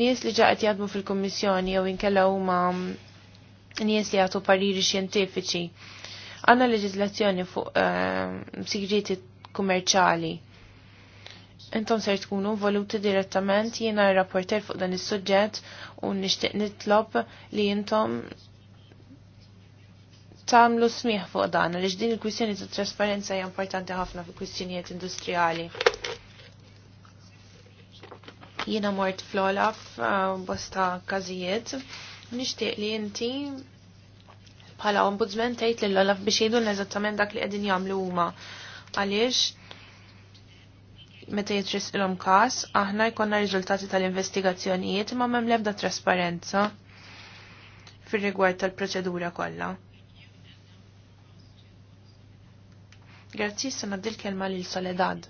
nies li ġaqet jadmu fil-Kummissjoni jew inkella huma nies li jagħtu pariri xjentifiċi. Għandna leġiżlazzjoni fuq uh, sigriti kummerċali. Intom ser tkunu voluti direttament jiena rapporter fuq dan is-suġġett u nixtieq nitlob li intom tamlu smieħ fuq dan, għaliex din il-kwistjoni ta' trasparenza hija importanti ħafna fi kwistjonijiet industrijali. Jiena mort fl-olaf uh, bosta każijiet, nixtieq li inti bħala ombudsman tgħid lil olaf biex jgħidu eżattament dak li qegħdin jagħmlu huma. Għaliex meta jitris ilhom każ, aħna jkollna riżultati tal-investigazzjonijiet imma m'hemm l-ebda trasparenza fir-rigward tal-proċedura kollha. Grazzi, sena dil kelma lil Soledad.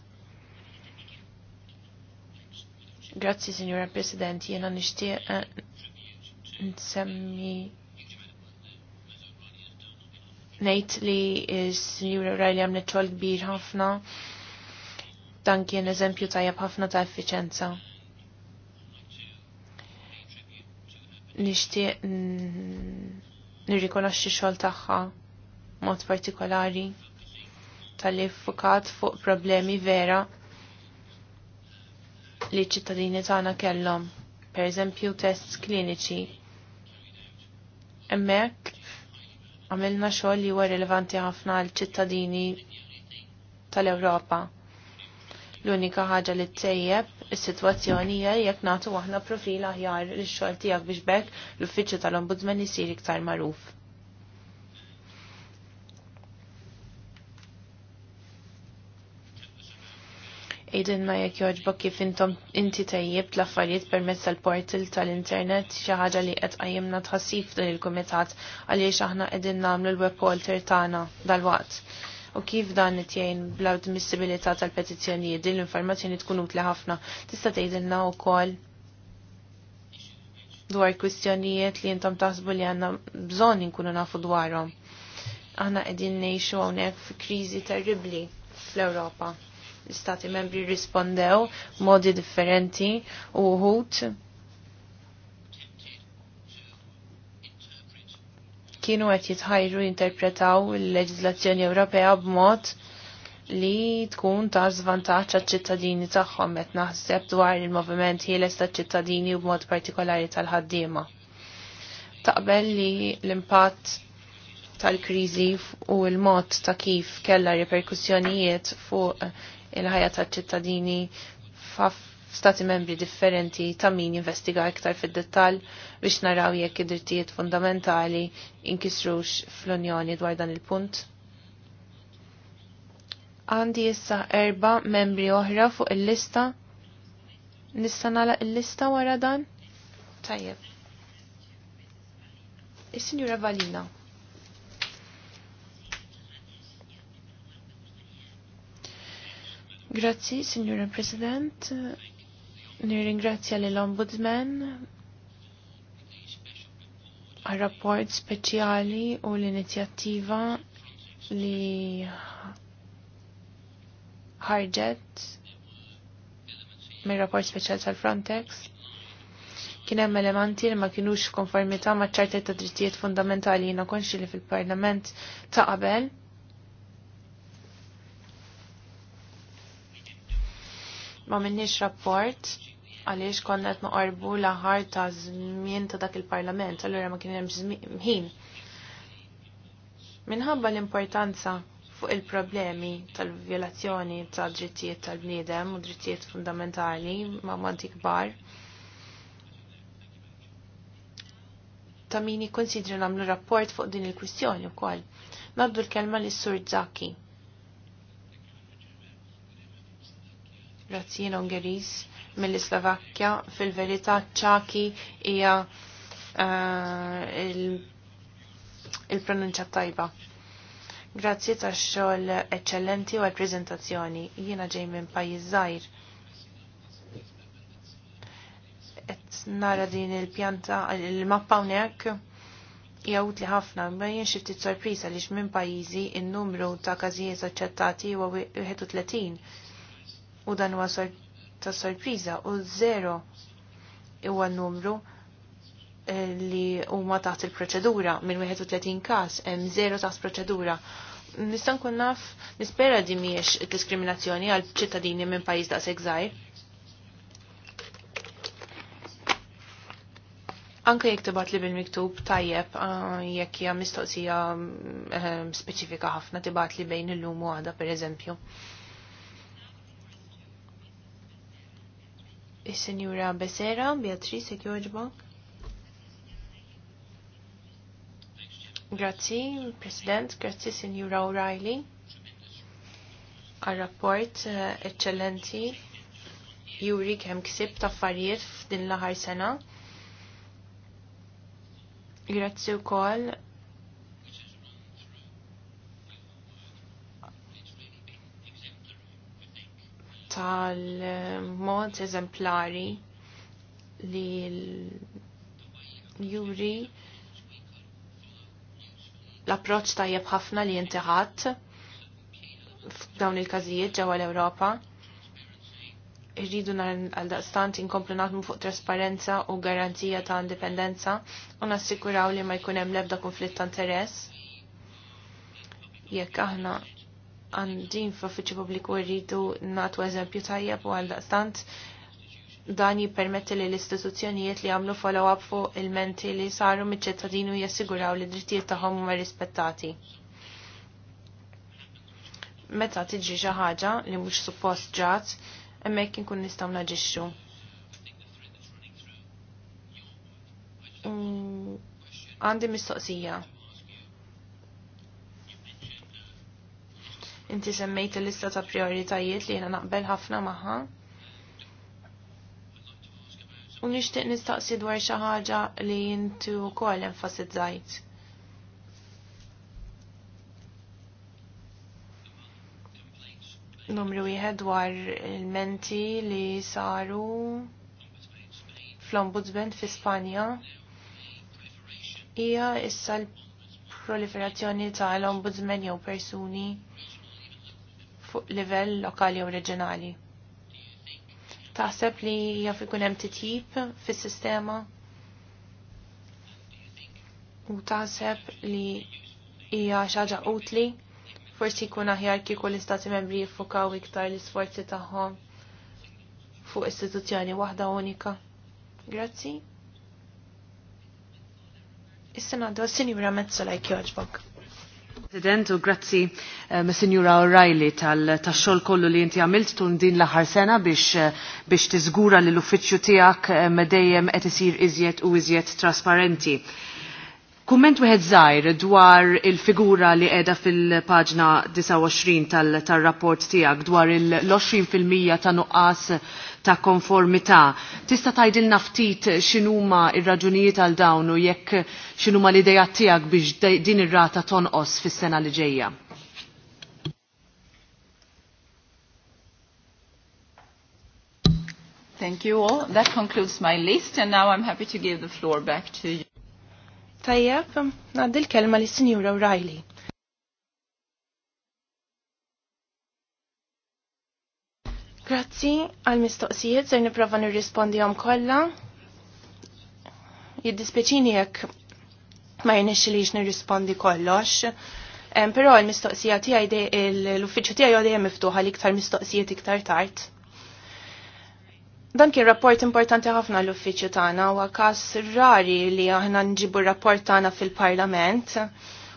Grazzi, Signora President, jena nishtiq eh, nsemmi nejt li Signora Rajli għamlet xogħol kbir ħafna dan kien eżempju tajjeb ħafna ta' effiċenza. Nixtieq nirrikonoxxi xogħol tagħha mod partikolari tal-li fukat fuq problemi vera li ċittadini tagħna kellhom, per eżempju tests kliniċi. Emmek, għamilna xogħol li huwa rilevanti ħafna għal ċittadini tal-Ewropa. L-unika ħaġa li tsejjeb is-sitwazzjoni hija jekk nagħtu aħna profil aħjar lix xogħol tiegħek biex bekk l-uffiċċju tal-Ombudsman isir iktar magħruf. ma jekk joġbok kif intom inti tajjib l-affarijiet permezz tal-portal tal-internet xi ħaġa li qed qajjimna tħassib din il-kumitat għaliex aħna qegħdin nagħmlu l-web tagħna dal-waqt. U kif dan qed jgħin bl-admissibilità tal-petizzjonijiet din l-informazzjoni tkun utli ħafna. Tista' tgħidilna wkoll dwar kwistjonijiet li intom taħsbu li għandna bżonn inkunu nafu dwarhom. Aħna qegħdin ngħixu hawnhekk fi kriżi terribbli fl-Ewropa l-istati membri rispondew modi differenti u uħut kienu qed jitħajru jinterpretaw il leġizlazzjoni Ewropea b'mod li tkun ta' zvantaċ ċittadini tagħhom qed naħseb dwar il-moviment ħieles taċ-ċittadini u b'mod partikolari tal-ħaddiema. Taqbel li l-impatt tal-kriżi u l-mod ta' kif kellha reperkussjonijiet fuq il-ħajja tal-ċittadini f'stati membri differenti ta' min investiga iktar fid-dettall biex naraw jekk id-drittijiet fundamentali inkisrux fl-Unjoni dwar dan il-punt. Għandi issa erba membri oħra fuq il-lista. Nista nagħlaq il-lista wara dan? Tajjeb. Is-Sinjura Valina. Grazzi, Signora President. Nirringrazzja l ombudsman għal rapport speċjali u l-inizjattiva li ħarġet mir rapport speċjal tal-Frontex. Kien hemm elementi li ma kinux f'konformità ma' ċarta ta' drittijiet fundamentali jiena konxi li fil-Parlament ta' qabel ma minnix rapport għaliex konna qed noqorbu l-aħħar ta' żmien ta' dak il-Parlament, allura ma kien hemm ħin. Minħabba l-importanza fuq il-problemi tal-vjolazzjoni ta' drittijiet tal-bniedem u drittijiet fundamentali ma' manti kbar, ta' min jikkonsidri nagħmlu rapport fuq din il-kwistjoni wkoll. Naddu l-kelma lis sur Zaki. razzjien Ungeriż mill-Slovakkja fil-verità ċaki hija eh, il-pronunċa tajba. Grazzi ta' xogħol eċċellenti u għall-preżentazzjoni. Jiena ġej minn pajjiż żgħir. Qed nara din il-pjanta il-mappa hawnhekk hija utli ħafna xi ftit sorpriża għaliex minn pajjiżi in-numru ta' każijiet aċċettati huwa 31 u dan huwa sor ta' sorpriża u zero huwa n numru eh, li huma taħt il-proċedura minn 31 każ hemm zero taħt proċedura. Nista' nkun naf nispera di mhijiex diskriminazzjoni għal ċittadini minn pajjiż daqshekk żgħar. Anke jekk tibgħat li bil-miktub tajjeb ah, jekk hija mistoqsija eh, speċifika ħafna tibgħat li bejn illum u għada pereżempju. eżempju. Is-Sinjura Besera, Beatrice, Ekjoġba. Grazzi, President, grazzi, Sinjura O'Reilly, għal-rapport eh, eccellenti juri kem ksib ta' affarijiet f'din l-ħar sena. Grazzi u koll tal-mod eżemplari li l-juri l-approċ tajjeb ħafna li jintiħat f'dawn il-każijiet ġewwa l-Ewropa. Irridu għal daqstant inkomplu naħdmu fuq trasparenza u garanzija ta' indipendenza u nassikuraw li ma jkun hemm l-ebda konflitt ta' interess. Jekk aħna għandin f'uffiċċju pubbliku rridu nagħtu eżempju tajjeb u għaldaqstant dan jippermetti li l-istituzzjonijiet li għamlu follow-up fuq il-menti li saru miċ-ċittadinu jassiguraw li drittijiet tagħhom huma rispettati. Meta tiġi xi ħaġa li mhux suppost ġat, hemmhekk inkun nistgħu naġixxu. Għandi mistoqsija. Inti semmejt il-lista ta' prioritajiet li jena naqbel ħafna maħħa. U nixtieq nistaqsi dwar xi ħaġa li jintu wkoll enfasizzajt. Numru wieħed dwar il-menti li saru fl-Ombudsman fi Spanja hija issa l-proliferazzjoni tal-Ombudsman jew persuni fuq livell lokali u reġjonali. Taħseb li jaf ikun hemm titjib fis-sistema u taħseb li hija xi ħaġa utli forsi jkun aħjar kieku l-istati membri jiffukaw iktar l-isforzi tagħhom fuq istituzzjoni waħda unika. Grazzi. Is-sena għadda, s-sinjura mezzola jogħġbok. President, u grazzi eh, Messinjura O'Reilly tal taxxol kollu li inti għamilt tun din l-aħħar sena biex, eh, biex tiżgura li l-uffiċċju tiegħek eh, dejjem qed isir iżjed u iżjed trasparenti. Kumment wieħed żgħir dwar il-figura li qiegħda fil-paġna 29 tal-rapport tiegħek dwar il-20% ta' nuqqas ta' konformità. Tista' tgħidilna ftit x'inhuma r-raġunijiet għal dawn u jekk x'inhuma l-idea tiegħek biex din ir-rata tonqos fis-sena li ġejja. Thank you all. That concludes my list and now I'm happy to give the floor back to you. Tajjeb, ngħaddi l-kelma lis sinjura O'Reilly. Grazzi għal-mistoqsijiet, ser niprofa nirrispondi għom kolla. Jiddispeċini jekk ma jenix li nirrispondi kollox. Pero l-mistoqsija tiegħi l-uffiċu tiegħi għodija miftuħa li iktar mistoqsijiet iktar tard. Dan kien rapport importanti ħafna l-uffiċju tagħna u każ rari li aħna nġibu rapport tagħna fil-Parlament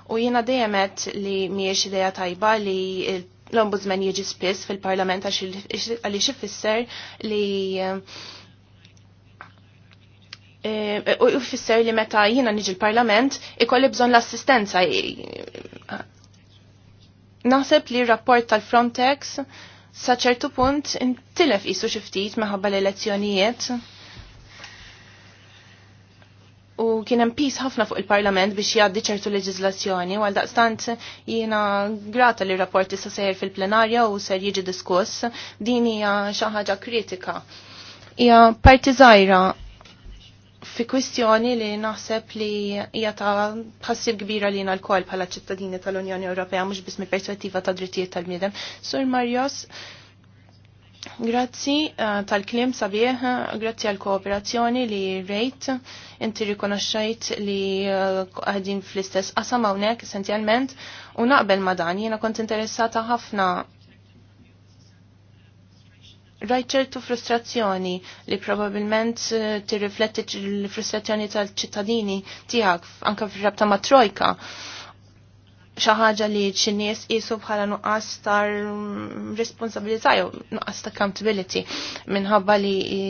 u jiena dejjem li mhijiex idea tajba li l-Ombudsman jiġi spiss fil-Parlament għaliex ifisser li e, u jfisser li meta jiena niġi l-parlament ikolli bżon l-assistenza. Naħseb li r-rapport tal-Frontex sa ċertu punt intilef isu xiftit maħabba l-elezzjonijiet u kien hemm pis ħafna fuq il-Parlament biex jgħaddi ċertu leġiżlazzjoni għal daqstant jiena grata li rapport issa sejjer fil-plenarja u ser jiġi diskuss din hija xi ħaġa kritika. Hija parti żgħira fi kwistjoni li naħseb li hija ta' ħassib kbira lina l-kol bħala ċittadini tal-Unjoni Ewropea mhux biss mill-perspettiva ta' drittijiet tal-bniedem. Sur Marjos, grazzi eh, tal-klim sabieħ, grazzi għal kooperazzjoni li rejt, inti rikonoxxajt li eh, għadin fl-istess qasam hawnhekk essenzjalment u naqbel ma' dan jiena kont interessata ħafna rajt ċertu frustrazzjoni li probabilment eh, tirrifletti l-frustrazzjoni tal-ċittadini tiegħek anke fir-rabta ma' trojka xaħġa ħaġa li ċ-Nies qisu bħala nuqqas tar responsabilità jew nuqqas ta' accountability minħabba li e,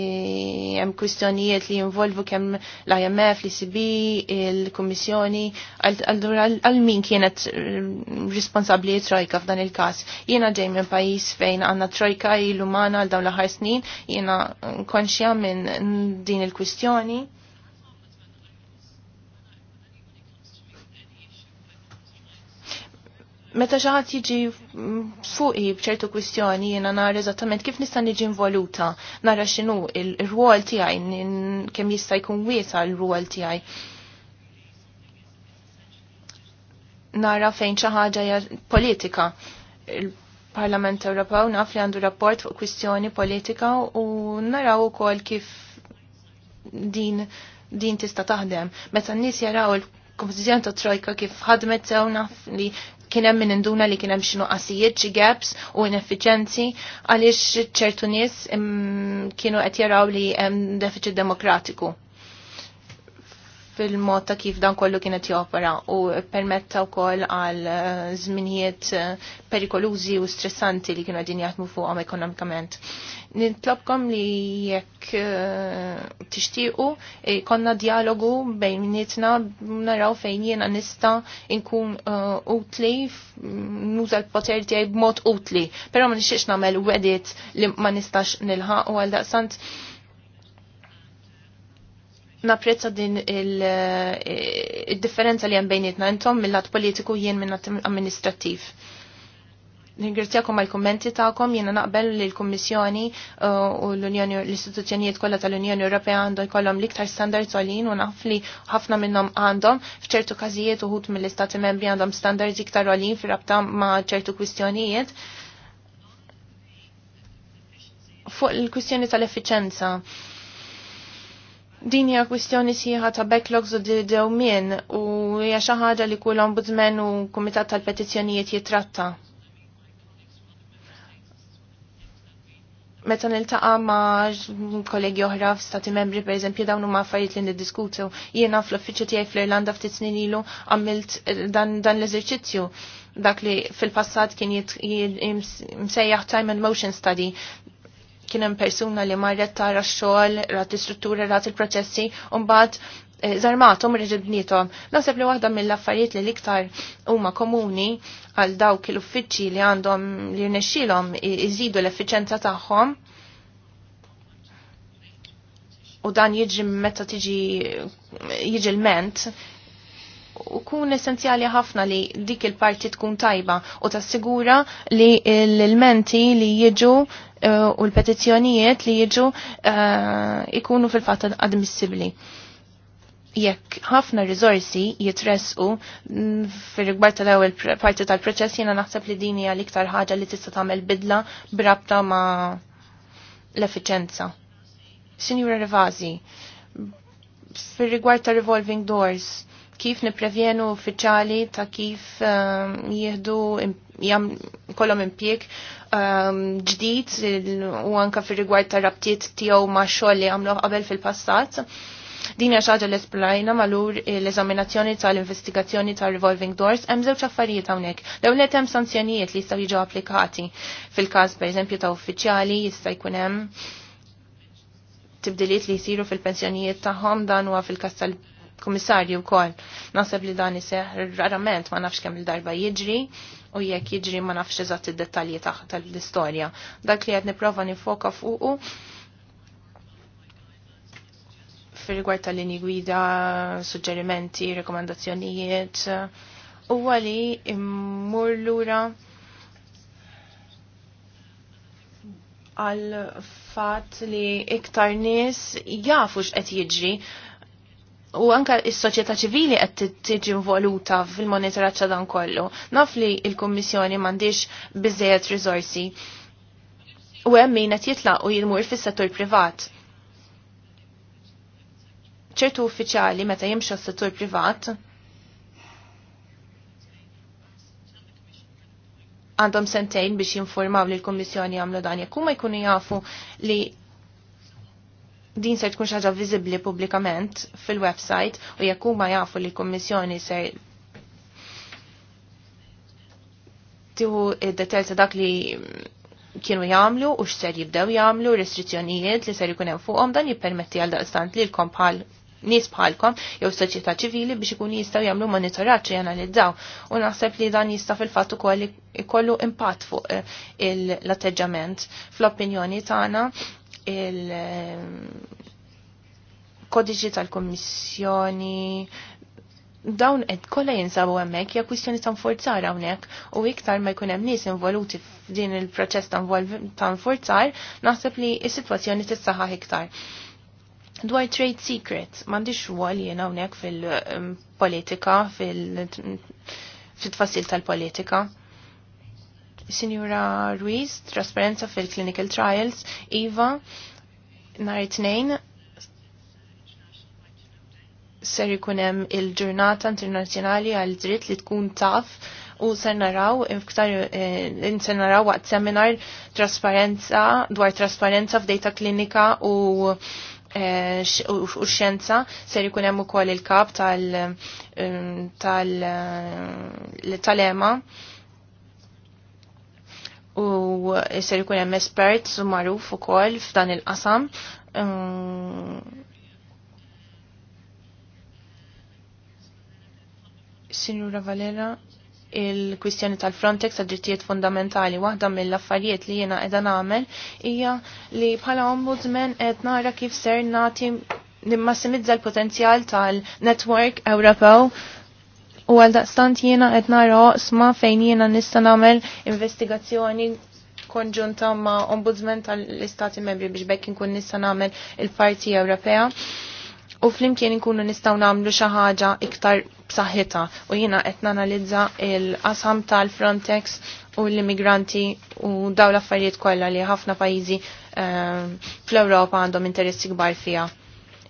hemm kwistjonijiet li jinvolvu kemm l-IMF, l-ICB, il-Kummissjoni għal min kienet responsabbli trojka f'dan il-każ. Jiena ġej minn pajjiż fejn għandna trojka il-umana għal dawn l-aħħar snin, jiena konxja minn din il-kwistjoni. meta xi ħadd jiġi fuqi bċertu kwistjoni jiena nara eżattament kif nista' niġi involuta, nara x'inhu ir-rwol tiegħi kemm jista' jkun wiesa il rwol tiegħi. Nara fejn xi ħaġa politika. Il-Parlament Ewropew naf li għandu rapport fuq kwistjoni politika u naraw ukoll kif din din tista' taħdem. Meta n-nies jaraw il kompozizjon ta' trojka kif ħadmet sew naf li kien hemm min induna li kien hemm xi nuqqasijiet xi gaps u ineffiċenzi għaliex ċertu nies kienu qed jaraw li hemm deficit demokratiku fil-mod ta' kif dan kollu kienet jopera u permetta wkoll għal eh, żminijiet eh, perikolużi u stressanti li kienu qegħdin jaħdmu fuqhom ekonomikament. Nitlobkom li jekk eh, tixtiequ konna dialogu bejn nitna naraw fejn jiena nista' inkun utli nuża l-poter tiegħi b'mod utli, però ma nixtiex nagħmel wedit li ma nistax nilħaq u għal daqsant Naprezza din il-differenza eh, li hemm bejnietna intom mill-lat politiku jien minn amministrattiv. Ningrazzjakom għal kommenti ta'kom, jena naqbel li l-Kommissjoni eh, u l-Unjoni l-istituzzjonijiet kollha tal-Unjoni Ewropea għandu jkollhom l-iktar standards għalin u naf li ħafna minnhom għandhom f'ċertu każijiet uħud mill-istati membri għandhom standards iktar għalin fir-rabta ma' ċertu kwistjonijiet. Fuq il-kwistjoni tal efficienza Din hija kwistjoni sieħa ta' backlogs u dewmien u hija xi ħaġa li kull ombudsman u kumitat tal-petizzjonijiet jitratta. Meta niltaqa' ma' kollegi oħra f'stati membri eżempju dawn huma affarijiet li niddiskutu. Jiena fl-uffiċċju tiegħi fl-Irlanda ftit snin ilu għamilt eh, dan, dan l-eżerċizzju dak li fil-passat kien msejjaħ time and motion study kien hemm persuna li marret tara x-xogħol, rat l-istrutturi, rat il-proċessi, eh, u mbagħad żarmatom reġib bnietom. Naħseb li waħda mill-affarijiet li l-iktar huma komuni għal dawk l-uffiċċji li għandhom li rnexxilhom iżidu l-effiċenza tagħhom u dan jiġi meta tiġi jiġi l-ment u kun essenzjali ħafna li dik il-parti tkun tajba u tassigura li l-menti li jiġu u l-petizzjonijiet li jiġu eh, ikunu fil-fatt admissibbli jekk ħafna rizorsi jitresqu mm, fil-rigbar tal-ewwel parti tal-proċess jiena naħseb li din hija l-iktar ħaġa li tista' tagħmel bidla brabta ma' l-effiċenza. Sinjura Rivazi, fil-rigward ta' revolving doors, kif niprevjenu uffiċjali ta' kif ehm, jihdu jam kolom impjek ġdijt ehm, ġdid u anka fir rigward ta' rabtiet tiegħu ma' xogħol li għamlu qabel fil-passat. Din hija xaġa l esplajna malur l-eżaminazzjoni tal-investigazzjoni tal-revolving doors hemm żewġ affarijiet hawnhekk. Dawlet hemm sanzjonijiet li jistgħu jiġu applikati fil-każ pereżempju ta' uffiċjali jista' jkun hemm tibdiliet li jsiru fil-pensjonijiet tagħhom dan huwa fil-każ tal komissarju wkoll. Naħseb li dan iseħ rarament ma nafx kemm il-darba jiġri u jekk jiġri ma nafx eżatt id-dettalji tal-istorja. Dak li qed nipprova nifoka fuqu fil-rigward tal-lini gwida, suġġerimenti, rekomendazzjonijiet u għali immur lura għal fat li iktar nis jafu x'qed jiġri u anka is-soċjetà ċivili qed tiġi involuta fil-monitoraġġ dan kollu. Naf li l-Kummissjoni m'għandix biżejjed riżorsi u hemm min qed jitlaq u jilmur fis-settur privat. ċertu uffiċjali meta jimxu s-settur privat għandhom sentejn biex jinformaw li l-Kommissjoni għamlu dan jekk huma jkunu jafu li din se tkun xaġa viżibbli pubblikament fil-website u jekk huma jafu li l-Kummissjoni se tiħu id-detel ta' dak li kienu jagħmlu u x'ser jibdew jagħmlu, restrizzjonijiet li ser jkun hemm fuqhom dan jippermetti għal daqstant li lkom bħal nies bħalkom jew soċjetà ċivili biex ikunu jistgħu jagħmlu monitoraġġ janalizzaw u naħseb li dan jista' fil-fatt ukoll ikollu impatt fuq eh, l-atteġġament fl-opinjoni tagħna il-kodiġi ehm, tal-Kommissjoni dawn ed kollha jinsabu hemmhekk hija kwistjoni ta' nforzar hawnhekk u iktar ma jkun hemm nies involuti f'din il-proċess ta' nforzar naħseb li s-sitwazzjoni tissaħħaħ iktar. Dwar trade secrets, m'għandix għal jien hawnhekk fil-politika, ehm, fil-tfassil tal-politika. fil politika fil tfassil tal politika Signora Ruiz, trasparenza fil-clinical trials, Iva, nar it-tnejn, ser ikunem il-ġurnata internazjonali għal dritt li tkun taf u ser naraw infktar eh, ser naraw waqt seminar trasparenza dwar trasparenza f'data klinika u eh, u xenza ser ikun hemm ukoll il-kap tal eh, tal tal-ema tal u jisir ikun hemm espert u magħruf ukoll f'dan il-qasam. Um, Sinjura Valera, il-kwistjoni tal-Frontex għad drittijiet fundamentali waħda mill-affarijiet li jiena qiegħda nagħmel hija li bħala ombudsman qed nara kif ser nagħti nimmassimizza l-potenzjal tal-network Ewropew u għal daqstant jiena qed nara oqsma fejn jiena nista' nagħmel investigazzjoni konġunta ma' ombudsman tal-Istati Membri biex bekk inkun nista' nagħmel il-Parti Ewropea. U flimkien inkunu nistgħu nagħmlu xi ħaġa iktar b'saħħitha u jiena qed nanalizza l-qasam tal-Frontex u l-immigranti u daw l-affarijiet kollha li ħafna pajjiżi ehm, fl-Ewropa għandhom interessi kbar fiha.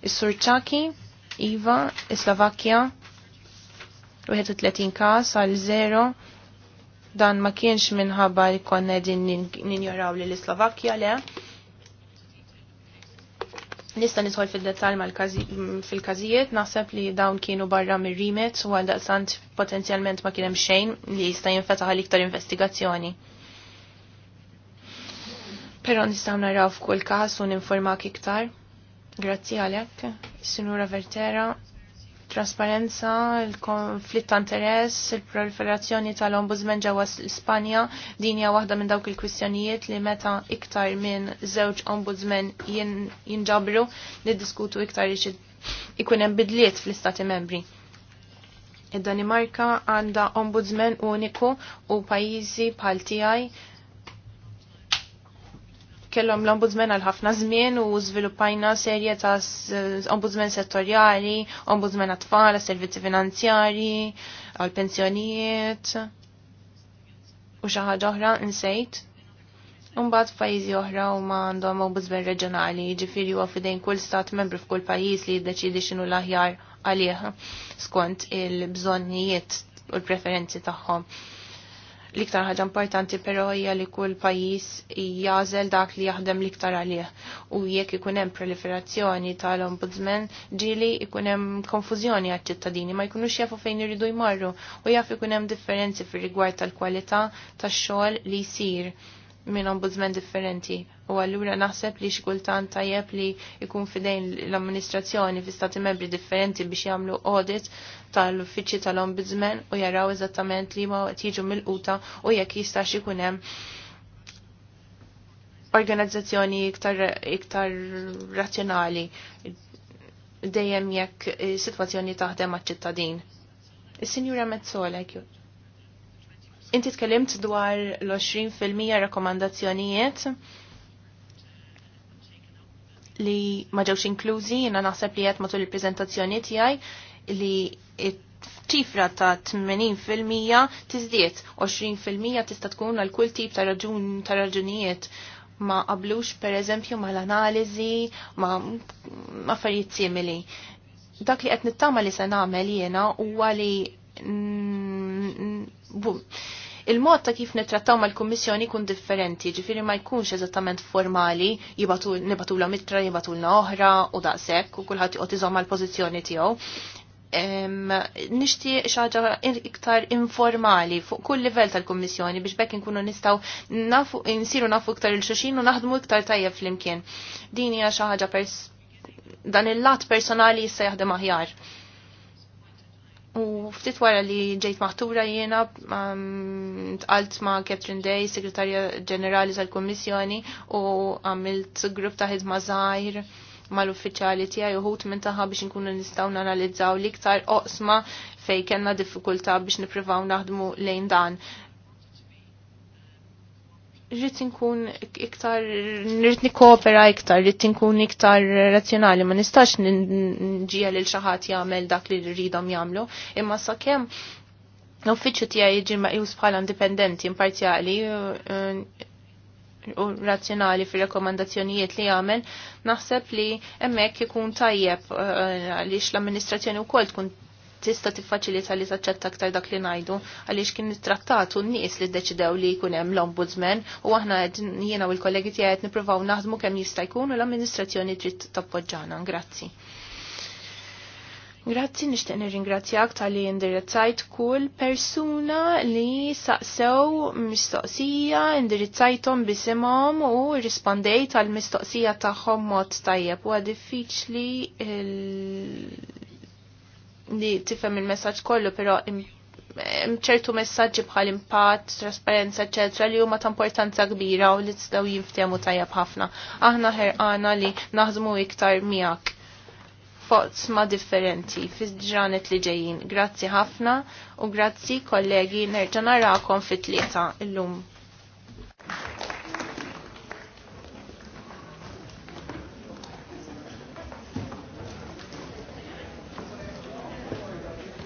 Is-Surċaki, Iva, is-Slovakkja, 31 kas għal 0 dan ma kienx minħabba li konna din ninjoraw li l-Slovakkja le. Nista nisħol fil-detal fil-kazijiet, naħseb li dawn kienu barra mir-rimet u għal daqsant potenzjalment ma kienem xejn li jista jinfetaħ l-iktar investigazzjoni. Pero nistaw naraw f'kull każ u ninformak iktar. Grazzi għalek, Sinura Vertera, trasparenza, il-konflitt ta' interess, il-proliferazzjoni tal-ombudsman ġewwa Spanja, din hija waħda minn dawk il-kwistjonijiet li meta iktar minn żewġ ombudsman jinġabru niddiskutu iktar ikun hemm bidliet fl-istati membri. Id-Danimarka għandha ombudsman uniku u pajjiżi bħal tiegħi kellhom l-ombudsman għal ħafna żmien u żviluppajna serje ta' eh, ombudsman settorjali, ombudsman għat-tfal, servizzi finanzjari, għal pensjonijiet u xi ħaġa oħra insejt. Imbagħad f'pajjiżi oħra huma għandhom ombudsman reġjonali, jiġifieri huwa f'idejn kull stat membru f'kull pajjiż li jiddeċiedi x'inhu l-aħjar għalih skont il-bżonnijiet u l-preferenzi tagħhom. L-iktar ħaġa importanti però hija li kull pajjiż jażel dak li jaħdem l-iktar għalih u jekk ikun hemm proliferazzjoni tal-ombudsman ġili ikun hemm konfużjoni għaċ-ċittadini ma jkunux jafu fejn iridu jmorru u jaf ikun hemm differenzi fir-rigward tal-kwalità tax-xogħol li jsir minn ombudsman differenti. U għallura naħseb li xikultant tajjeb li jkun fidejn l-amministrazzjoni fi stati membri differenti biex jagħmlu audit tal-uffiċċji tal-ombudsman u jaraw eżattament li ma tiġu mill-quta u jekk jistax ikun hemm organizzazzjoni iktar, iktar razzjonali dejjem jekk situazzjoni taħdem għaċ-ċittadin. Is-Sinjura Mezzola, kjut. Inti tkellimt dwar l-20% rakkomandazzjonijiet li ma ġewx inklużi, jiena naħseb li qed matul il-preżentazzjoni tiegħi li ċifra ta' 80% tiżdiet, 20% tista' tkun għal kull tip ta' raġun ta' raġunijiet ma qablux pereżempju mal-analiżi, ma affarijiet simili. Dak li qed nittama li se nagħmel jiena huwa li Mm, mm, mm. il-mod ta' kif nitrattaw mal-Kummissjoni kun differenti, ġifiri ma jkunx eżattament formali, nibatulna mitra, jibatulna oħra u daqshekk u kulħadd joqgħod iżomm l pożizzjoni tiegħu. Nishti xaġa iktar informali fuq kull livell tal-Kummissjoni biex bekk nkunu nistaw nafu, nsiru nafu iktar il xoxin u naħdmu iktar tajjeb fl-imkien. Din hija xi ħaġa dan il-lat personali jista' jaħdem aħjar. U ftit wara li ġejt maħtura jiena um, tqalt ma' Catherine Day, segretarja ġenerali tal-Kommissjoni, u għamilt grupp ta' ħidma żgħir mal-uffiċjali tiegħi uħut minn taħħa biex inkunu nistgħu nanalizzaw l-iktar oqsma fej kellna diffikultà biex nippruvaw naħdmu lejn dan rrit nkun iktar, rrit nikopera iktar, rrit nkun iktar razzjonali, ma nistax nġija li l-xaħat jgħamil dak li rridom jgħamlu, imma sa' kem l-uffiċu tija ma maqjus bħala indipendenti, imparzjali u razzjonali fil rekomandazzjonijiet li jgħamil, naħseb li emmek ikun tajjeb eh, għalix l-amministrazzjoni u kol tkun tista' tiffaċilita li taċċetta aktar dak li ngħidu għaliex kien trattatu n-nies li d-deċidew li jkun hemm l-ombudsman u aħna jiena u l-kollegi tiegħi qed nippruvaw naħdmu kemm jista' jkun u l-amministrazzjoni trid tappoġġana. Grazzi. Grazzi nixtieq nirringrazzja aktar li indirizzajt kull persuna li saqsew mistoqsija, indirizzajthom bisimhom u rispondejt għall mistoqsija tagħhom mod tajjeb u diffiċli il li tifhem il-messaġġ kollu, però ċertu messagġi bħal impatt, trasparenza, ecc. li huma ta' importanza kbira u li tistgħu jinftehmu tajjeb ħafna. Aħna ħerqana li naħdmu iktar miegħek ma' differenti fiż-ġranet li ġejjin. Grazzi ħafna u grazzi kollegi nerġa' narakom fit-tlieta illum.